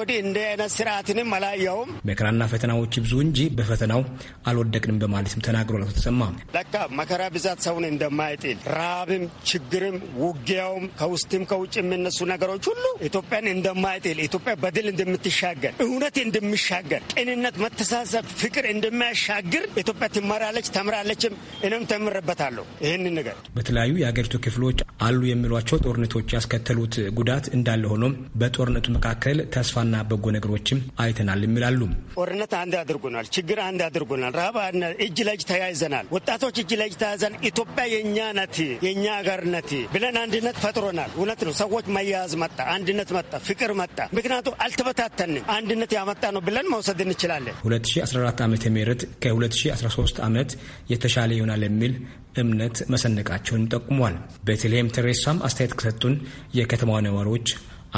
ወዲህ እንደ አይነት ስርዓትንም አላየሁም። መከራና ፈተናዎች ብዙ እንጂ በፈተናው አልወደቅንም በማለትም ተናግሮ ተሰማ። ለካ መከራ ብዛት ሰውን እንደማይጥል ረሃብም፣ ችግርም፣ ውጊያውም ከውስጥም ከውጭ የሚነሱ ነገሮች ሁሉ ኢትዮጵያን እንደማይጥል ኢትዮጵያ በድል እንደምትሻገር እውነት እንደሚሻገር ቅንነት፣ መተሳሰብ፣ ፍቅር እንደሚያሻግር ኢትዮጵያ ትመራለች፣ ተምራለችም። እኔም ተምርበታለሁ ይህንን ነገር። በተለያዩ የአገሪቱ ክፍሎች አሉ የሚሏቸው ጦርነቶች ያስከተሉት ጉዳት እንዳለ ሆኖም በጦርነቱ መካከል ተስፋና በጎ ነገሮችም አይተናል የሚላሉ ጦርነት አንድ አድርጎናል፣ ችግር አንድ አድርጎናል፣ ራባ እጅ ለእጅ ተያይዘናል። ወጣቶች እጅ ለእጅ ተያይዘን ኢትዮጵያ የእኛ ነት የእኛ ሀገር ነት ብለን አንድነት ፈጥሮናል። እውነት ነው። ሰዎች መያያዝ መጣ፣ አንድነት መጣ፣ ፍቅር መጣ። ምክንያቱም አልተበታተንም፣ አንድነት ያመጣ ነው ብለን መውሰድ እንችላለን። 2014 ዓ ም ከ2013 ዓመት የተሻለ ይሆናል የሚል እምነት መሰነቃቸውን ጠቁሟል። ቤተልሔም ተሬሳም አስተያየት ከሰጡን የከተማዋ ነዋሪዎች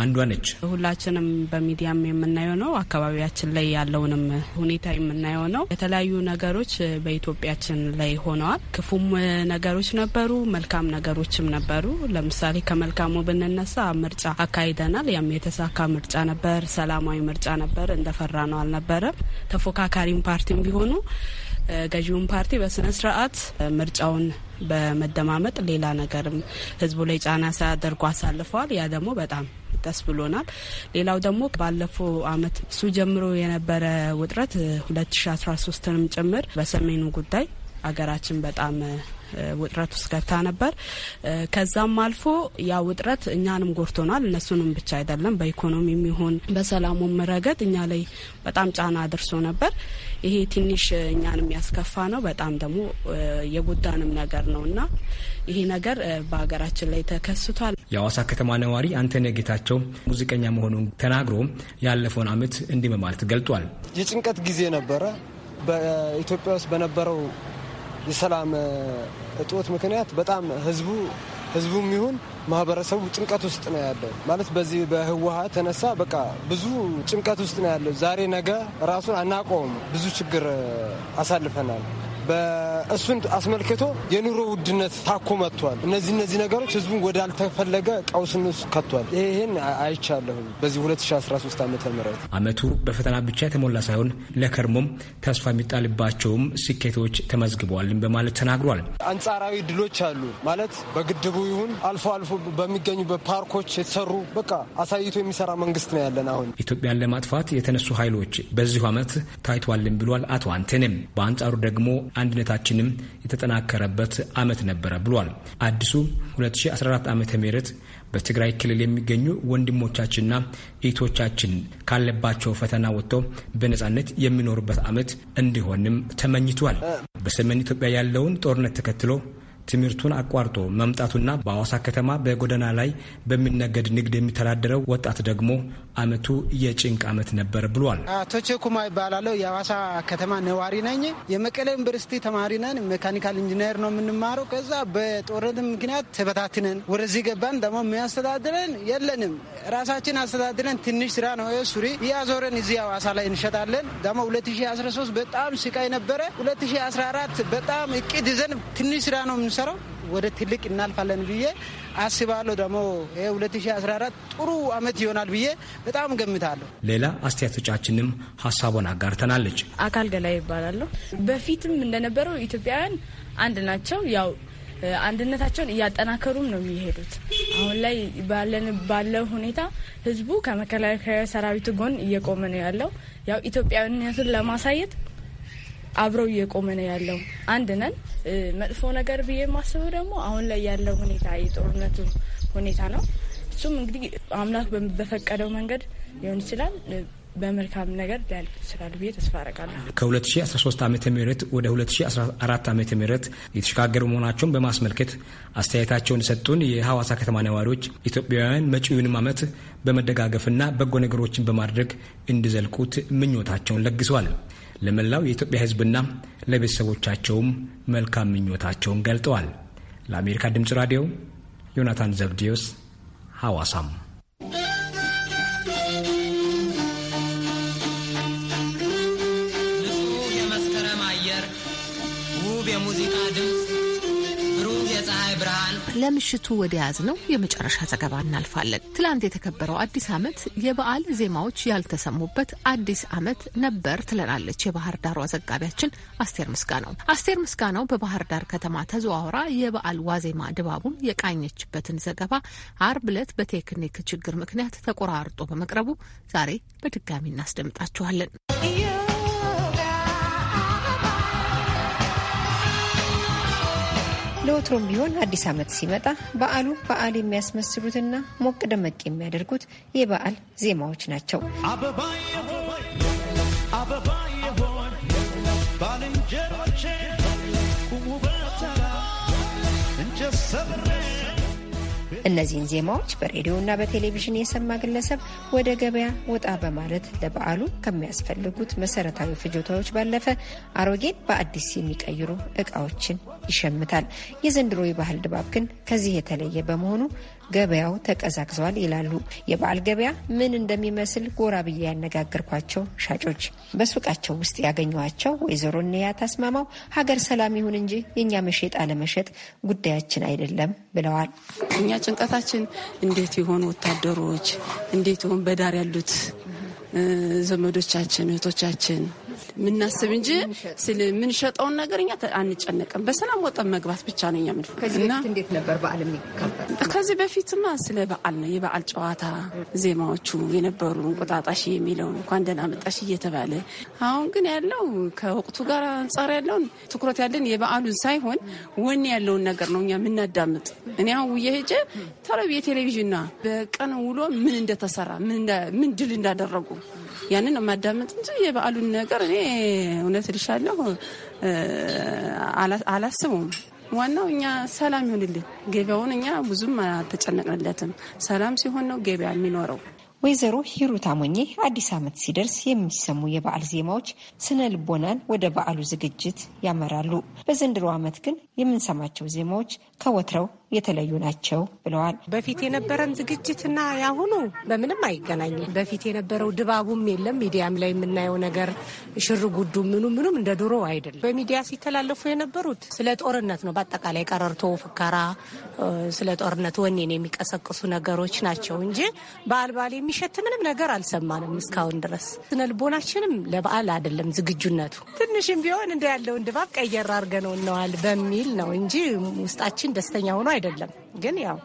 አንዷ ነች። ሁላችንም በሚዲያም የምናየው ነው። አካባቢያችን ላይ ያለውንም ሁኔታ የምናየው ነው። የተለያዩ ነገሮች በኢትዮጵያችን ላይ ሆነዋል። ክፉም ነገሮች ነበሩ፣ መልካም ነገሮችም ነበሩ። ለምሳሌ ከመልካሙ ብንነሳ ምርጫ አካሂደናል። ያም የተሳካ ምርጫ ነበር፣ ሰላማዊ ምርጫ ነበር፣ እንደፈራ ነው አልነበረም። ተፎካካሪም ፓርቲም ቢሆኑ ገዢውን ፓርቲ በስነ ስርዓት ምርጫውን በመደማመጥ ሌላ ነገርም ህዝቡ ላይ ጫና ሳያደርጉ አሳልፈዋል። ያ ደግሞ በጣም ደስ ብሎናል። ሌላው ደግሞ ባለፈው አመት እሱ ጀምሮ የነበረ ውጥረት አስራ ሶስትንም ጭምር በሰሜኑ ጉዳይ አገራችን በጣም ውጥረት ውስጥ ገብታ ነበር። ከዛም አልፎ ያ ውጥረት እኛንም ጎድቶናል፣ እነሱንም ብቻ አይደለም። በኢኮኖሚ የሚሆን በሰላሙም ረገድ እኛ ላይ በጣም ጫና አድርሶ ነበር። ይሄ ትንሽ እኛንም ያስከፋ ነው፣ በጣም ደግሞ የጎዳንም ነገር ነው እና ይሄ ነገር በሀገራችን ላይ ተከስቷል። የአዋሳ ከተማ ነዋሪ አንተነ ጌታቸው ሙዚቀኛ መሆኑን ተናግሮ ያለፈውን አመት እንዲህ በማለት ገልጧል። የጭንቀት ጊዜ ነበረ በኢትዮጵያ ውስጥ በነበረው የሰላም እጦት ምክንያት በጣም ህዝቡ ህዝቡም ይሁን ማህበረሰቡ ጭንቀት ውስጥ ነው ያለው። ማለት በዚህ በህወሀ የተነሳ በቃ ብዙ ጭንቀት ውስጥ ነው ያለው። ዛሬ ነገ ራሱን አናቆም ብዙ ችግር አሳልፈናል። እሱን አስመልክቶ የኑሮ ውድነት ታኮ መጥቷል። እነዚህ እነዚህ ነገሮች ህዝቡን አልተፈለገ ቀውስን ውስጥ ከቷል። ይህን አይቻለሁ። በዚህ 2013 ዓ ም አመቱ በፈተና ብቻ የተሞላ ሳይሆን ለከርሞም ተስፋ የሚጣልባቸውም ስኬቶች ተመዝግበዋልን በማለት ተናግሯል። አንጻራዊ ድሎች አሉ ማለት በግድቡ ይሁን አልፎ አልፎ በሚገኙበት ፓርኮች የተሰሩ በቃ አሳይቶ የሚሰራ መንግስት ነው ያለን። አሁን ኢትዮጵያን ለማጥፋት የተነሱ ኃይሎች በዚሁ አመት ታይቷልን ብሏል አቶ አንተንም። በአንጻሩ ደግሞ አንድነታችንም የተጠናከረበት ዓመት ነበረ ብሏል። አዲሱ 2014 ዓ ም በትግራይ ክልል የሚገኙ ወንድሞቻችንና እህቶቻችን ካለባቸው ፈተና ወጥተው በነጻነት የሚኖሩበት ዓመት እንዲሆንም ተመኝቷል። በሰሜን ኢትዮጵያ ያለውን ጦርነት ተከትሎ ትምህርቱን አቋርጦ መምጣቱና በአዋሳ ከተማ በጎዳና ላይ በሚነገድ ንግድ የሚተዳደረው ወጣት ደግሞ አመቱ የጭንቅ አመት ነበር ብሏል። አቶ ቼኩማ ይባላለው የአዋሳ ከተማ ነዋሪ ነኝ። የመቀሌ ዩኒቨርሲቲ ተማሪ ነን። ሜካኒካል ኢንጂነር ነው የምንማረው። ከዛ በጦርነት ምክንያት ተበታትነን ወደዚህ ገባን። ደግሞ የሚያስተዳድረን የለንም። ራሳችን አስተዳድረን ትንሽ ስራ ነው ሱሪ እያዞረን እዚህ አዋሳ ላይ እንሸጣለን። ደግሞ 2013 በጣም ስቃይ ነበረ። 2014 በጣም እቅድ ይዘን ትንሽ ስራ ነው የምንሰራው ወደ ትልቅ እናልፋለን ብዬ አስባለሁ። ደግሞ 2014 ጥሩ አመት ይሆናል ብዬ በጣም ገምታለሁ። ሌላ አስተያየቶቻችንም ሀሳቧን አጋርተናለች። አካል ገላይ ይባላለሁ። በፊትም እንደነበረው ኢትዮጵያውያን አንድ ናቸው ያው አንድነታቸውን እያጠናከሩም ነው የሚሄዱት። አሁን ላይ ባለው ሁኔታ ህዝቡ ከመከላከያ ሰራዊቱ ጎን እየቆመ ነው ያለው። ያው ኢትዮጵያዊነቱን ለማሳየት አብረው እየቆመ ነው ያለው። አንድ ነን። መጥፎ ነገር ብዬ የማስበው ደግሞ አሁን ላይ ያለው ሁኔታ የጦርነቱ ሁኔታ ነው። እሱም እንግዲህ አምላክ በፈቀደው መንገድ ሊሆን ይችላል በመልካም ነገር ሊያልቅ ይችላል ብዬ ተስፋ አረጋለሁ። ከ2013 ዓ ም ወደ 2014 ዓ ም የተሸጋገሩ መሆናቸውን በማስመልከት አስተያየታቸውን የሰጡን የሐዋሳ ከተማ ነዋሪዎች ኢትዮጵያውያን መጪውንም ዓመት በመደጋገፍና በጎ ነገሮችን በማድረግ እንዲዘልቁት ምኞታቸውን ለግሷል። ለመላው የኢትዮጵያ ሕዝብና ለቤተሰቦቻቸውም መልካም ምኞታቸውን ገልጠዋል። ለአሜሪካ ድምፅ ራዲዮ ዮናታን ዘብዲዮስ ሐዋሳም ለምሽቱ ወደ ያዝ ነው የመጨረሻ ዘገባ እናልፋለን። ትላንት የተከበረው አዲስ ዓመት የበዓል ዜማዎች ያልተሰሙበት አዲስ ዓመት ነበር ትለናለች የባህር ዳሯ ዘጋቢያችን አስቴር ምስጋናው። አስቴር ምስጋናው በባህር ዳር ከተማ ተዘዋውራ የበዓል ዋዜማ ድባቡን የቃኘችበትን ዘገባ አርብ ዕለት በቴክኒክ ችግር ምክንያት ተቆራርጦ በመቅረቡ ዛሬ በድጋሚ እናስደምጣችኋለን። ለወትሮም ቢሆን አዲስ ዓመት ሲመጣ በዓሉ በዓል የሚያስመስሉትና ሞቅ ደመቅ የሚያደርጉት የበዓል ዜማዎች ናቸው። እነዚህን ዜማዎች በሬዲዮና በቴሌቪዥን የሰማ ግለሰብ ወደ ገበያ ወጣ በማለት ለበዓሉ ከሚያስፈልጉት መሰረታዊ ፍጆታዎች ባለፈ አሮጌን በአዲስ የሚቀይሩ እቃዎችን ይሸምታል። የዘንድሮ የባህል ድባብ ግን ከዚህ የተለየ በመሆኑ ገበያው ተቀዛቅዘዋል ይላሉ። የበዓል ገበያ ምን እንደሚመስል ጎራ ብዬ ያነጋገርኳቸው ሻጮች በሱቃቸው ውስጥ ያገኟቸው ወይዘሮ እንያ ታስማማው ሀገር ሰላም ይሁን እንጂ የእኛ መሸጥ አለመሸጥ ጉዳያችን አይደለም ብለዋል። እኛ ጭንቀታችን እንዴት ይሆን ወታደሮች፣ እንዴት ይሆን በዳር ያሉት ዘመዶቻችን፣ እህቶቻችን የምናስብ እንጂ ስል ነገር እኛ አንጨነቅም። በሰላም ወጠን መግባት ብቻ ነው እኛ እንዴት ነበር በዓል የሚከበር? ከዚህ በፊትማ ስለ በዓል ነው የበዓል ጨዋታ ዜማዎቹ የነበሩ እንቁጣጣሽ የሚለውን እንኳን ደህና መጣሽ እየተባለ አሁን ግን ያለው ከወቅቱ ጋር አንጻር ያለውን ትኩረት ያለን የበዓሉን ሳይሆን ወኔ ያለውን ነገር ነው እኛ የምናዳምጥ። እኔ አሁን ውዬ ሄጄ የቴሌቪዥንና በቀን ውሎ ምን እንደተሰራ ምን ድል እንዳደረጉ ያንን የማዳመጥ እንጂ የበዓሉን ነገር እኔ እውነት ልሻለሁ አላስበውም። ዋናው እኛ ሰላም ይሁንልን። ገበያውን እኛ ብዙም አልተጨነቅንለትም። ሰላም ሲሆን ነው ገበያ የሚኖረው። ወይዘሮ ሂሩት አሞኜ አዲስ ዓመት ሲደርስ የሚሰሙ የበዓል ዜማዎች ስነ ልቦናን ወደ በዓሉ ዝግጅት ያመራሉ። በዘንድሮ ዓመት ግን የምንሰማቸው ዜማዎች ከወትረው የተለዩ ናቸው ብለዋል። በፊት የነበረን ዝግጅትና ያሁኑ በምንም አይገናኝም። በፊት የነበረው ድባቡም የለም። ሚዲያም ላይ የምናየው ነገር ሽር ጉዱ ምኑ ምኑም እንደ ድሮ አይደለም። በሚዲያ ሲተላለፉ የነበሩት ስለ ጦርነት ነው። በአጠቃላይ ቀረርቶ፣ ፉከራ፣ ስለ ጦርነት ወኔን የሚቀሰቅሱ ነገሮች ናቸው እንጂ በዓል በዓል የሚሸት ምንም ነገር አልሰማንም እስካሁን ድረስ። ስነልቦናችንም ለበዓል አይደለም ዝግጁነቱ ትንሽም ቢሆን እንደ ያለውን ድባብ ቀየር አድርገ ነው እነዋል በሚል ነው እንጂ ውስጣችን ደስተኛ ሆኖ አይደለም፣ ግን ያው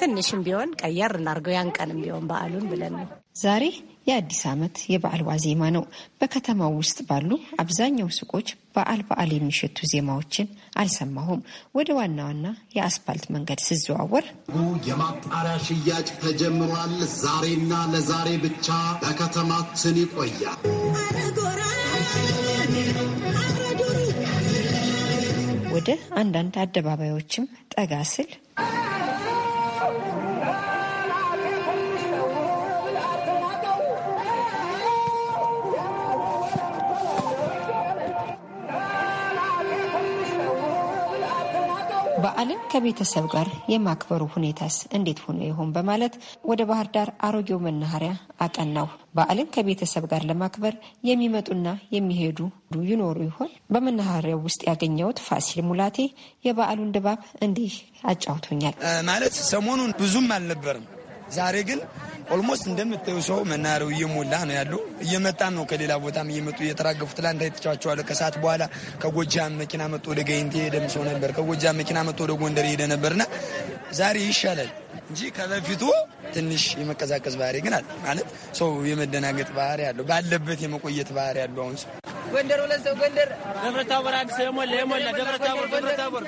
ትንሽም ቢሆን ቀየር እናርገው ያን ቀንም ቢሆን በዓሉን ብለን ነው። ዛሬ የአዲስ ዓመት የበዓል ዋዜማ ነው። በከተማው ውስጥ ባሉ አብዛኛው ሱቆች በዓል በዓል የሚሸቱ ዜማዎችን አልሰማሁም። ወደ ዋና ዋና የአስፓልት መንገድ ስዘዋወር የማጣሪያ ሽያጭ ተጀምሯል። ዛሬና ለዛሬ ብቻ በከተማችን ይቆያል። ወደ አንዳንድ አደባባዮችም ጠጋ ስል በዓልን ከቤተሰብ ጋር የማክበሩ ሁኔታስ እንዴት ሆኖ ይሆን በማለት ወደ ባህር ዳር አሮጌው መናኸሪያ አቀናሁ። በዓልን ከቤተሰብ ጋር ለማክበር የሚመጡና የሚሄዱ ይኖሩ ይሆን? በመናኸሪያው ውስጥ ያገኘሁት ፋሲል ሙላቴ የበዓሉን ድባብ እንዲህ አጫውቶኛል። ማለት ሰሞኑን ብዙም አልነበርም ዛሬ ግን ኦልሞስት እንደምታዩ ሰው መናኸሪያው እየሞላ ነው ያለው። እየመጣ ነው ከሌላ ቦታም እየመጡ እየተራገፉ ትላንት አይተቻቸዋለሁ። ከሰዓት በኋላ ከጎጃም መኪና መጥቶ ወደ ገይንቴ ሄደም ሰው ነበር። ከጎጃም መኪና መጥቶ ወደ ጎንደር የሄደ ነበርና ዛሬ ይሻላል እንጂ ከበፊቱ ትንሽ የመቀዛቀዝ ባህሪ ግን አለ። ማለት ሰው የመደናገጥ ባህሪ አለው፣ ባለበት የመቆየት ባህሪ አለው። አሁን ሰው ጎንደር ሁለት ሰው ጎንደር ደብረታቦር አዲስ የሞላ የሞላ ደብረታቦር ደብረታቦር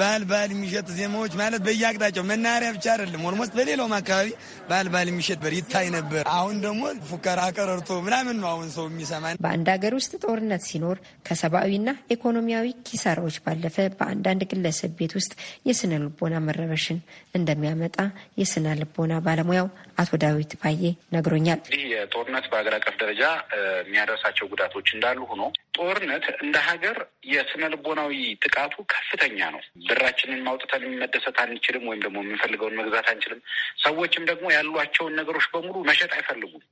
ባህል ባህል የሚሸጥ ዜማዎች ማለት በየአቅጣጫው መናኸሪያ ብቻ አይደለም፣ ኦልሞስት በሌላውም አካባቢ ባህል ባህል የሚሸጥ በር ይታይ ነበር። አሁን ደግሞ ፉከራ ቀረርቶ ምናምን ነው አሁን ሰው የሚሰማ። በአንድ ሀገር ውስጥ ጦርነት ሲኖር ከሰብአዊና ኢኮኖሚያዊ ኪሳራዎች ባለፈ በአንዳንድ ግለሰብ ቤት ውስጥ የስነ ልቦና መረበሽን እንደሚያመጣ የስነ ልቦና ባለሙያው አቶ ዳዊት ባዬ ነግሮኛል። ይህ የጦርነት በሀገር አቀፍ ደረጃ የሚያደርሳቸው ጉዳቶች እንዳሉ ሆኖ ጦርነት እንደ ሀገር የስነ ልቦናዊ ጥቃቱ ከፍተኛ ነው። ብራችንን ማውጥተን መደሰት አንችልም፣ ወይም ደግሞ የምንፈልገውን መግዛት አንችልም። ሰዎችም ደግሞ ያሏቸውን ነገሮች በሙሉ መሸጥ አይፈልጉም።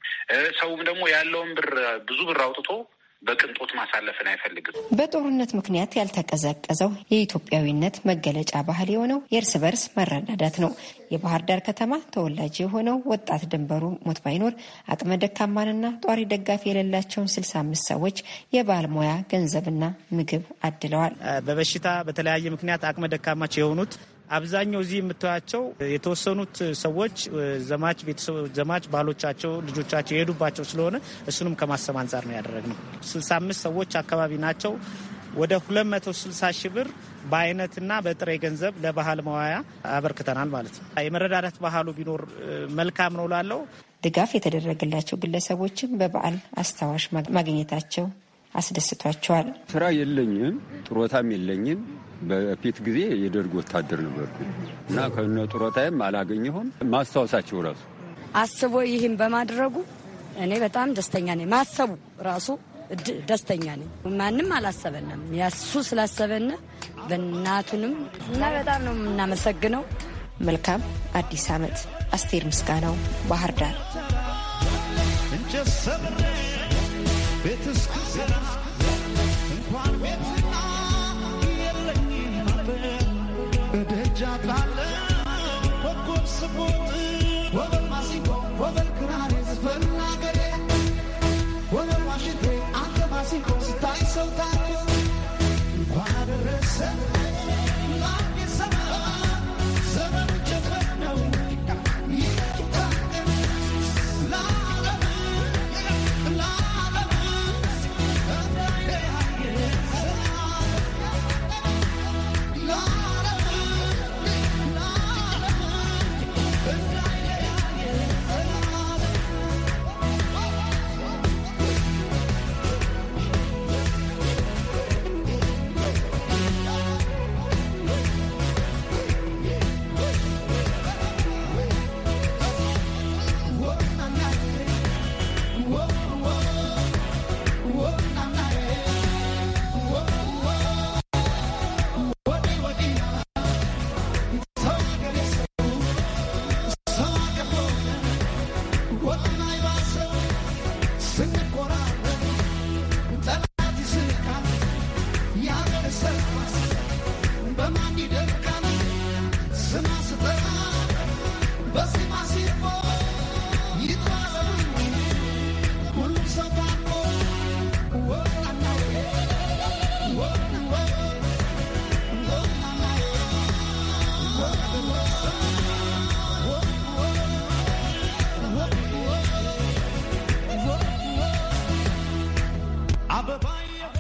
ሰውም ደግሞ ያለውን ብር ብዙ ብር አውጥቶ በቅንጦት ማሳለፍን አይፈልግም። በጦርነት ምክንያት ያልተቀዘቀዘው የኢትዮጵያዊነት መገለጫ ባህል የሆነው የእርስ በርስ መረዳዳት ነው። የባህር ዳር ከተማ ተወላጅ የሆነው ወጣት ድንበሩ ሞት ባይኖር አቅመ ደካማንና ጧሪ ደጋፊ የሌላቸውን ስልሳ አምስት ሰዎች የባለሙያ ገንዘብና ምግብ አድለዋል። በበሽታ በተለያየ ምክንያት አቅመ ደካማቸው የሆኑት አብዛኛው እዚህ የምታያቸው የተወሰኑት ሰዎች ዘማች ዘማች ባሎቻቸው ልጆቻቸው የሄዱባቸው ስለሆነ እሱንም ከማሰብ አንጻር ነው ያደረግነው። 65 ሰዎች አካባቢ ናቸው። ወደ 260 ሺህ ብር በአይነትና በጥሬ ገንዘብ ለባህል መዋያ አበርክተናል ማለት ነው። የመረዳዳት ባህሉ ቢኖር መልካም ነው ላለው ድጋፍ የተደረገላቸው ግለሰቦችም በበዓል አስታዋሽ ማግኘታቸው አስደስቷቸዋል። ስራ የለኝም፣ ጥሮታም የለኝም። በፊት ጊዜ የደርግ ወታደር ነበርኩ እና ከነ ጥሮታይም አላገኘሁም። ማስታወሳቸው ራሱ አስቦ ይህን በማድረጉ እኔ በጣም ደስተኛ ነኝ። ማሰቡ ራሱ ደስተኛ ነኝ። ማንም አላሰበንም፣ ያሱ ስላሰበን በእናቱንም እና በጣም ነው የምናመሰግነው። መልካም አዲስ ዓመት። አስቴር ምስጋናው ባህር ዳር so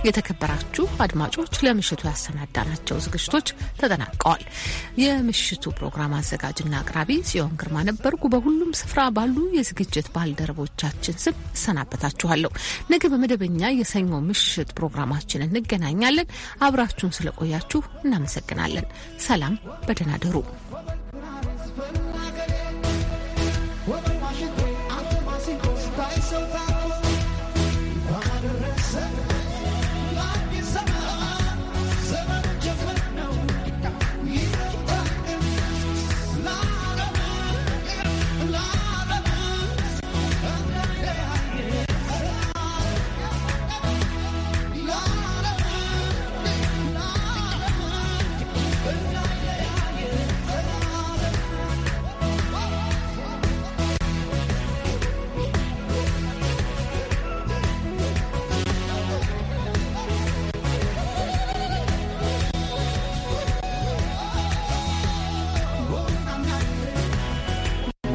የተከበራችሁ አድማጮች ለምሽቱ ያሰናዳናቸው ዝግጅቶች ተጠናቀዋል። የምሽቱ ፕሮግራም አዘጋጅና አቅራቢ ጽዮን ግርማ ነበርኩ። በሁሉም ስፍራ ባሉ የዝግጅት ባልደረቦቻችን ስም እሰናበታችኋለሁ። ነገ በመደበኛ የሰኞ ምሽት ፕሮግራማችን እንገናኛለን። አብራችሁን ስለቆያችሁ እናመሰግናለን። ሰላም፣ በደህና ደሩ።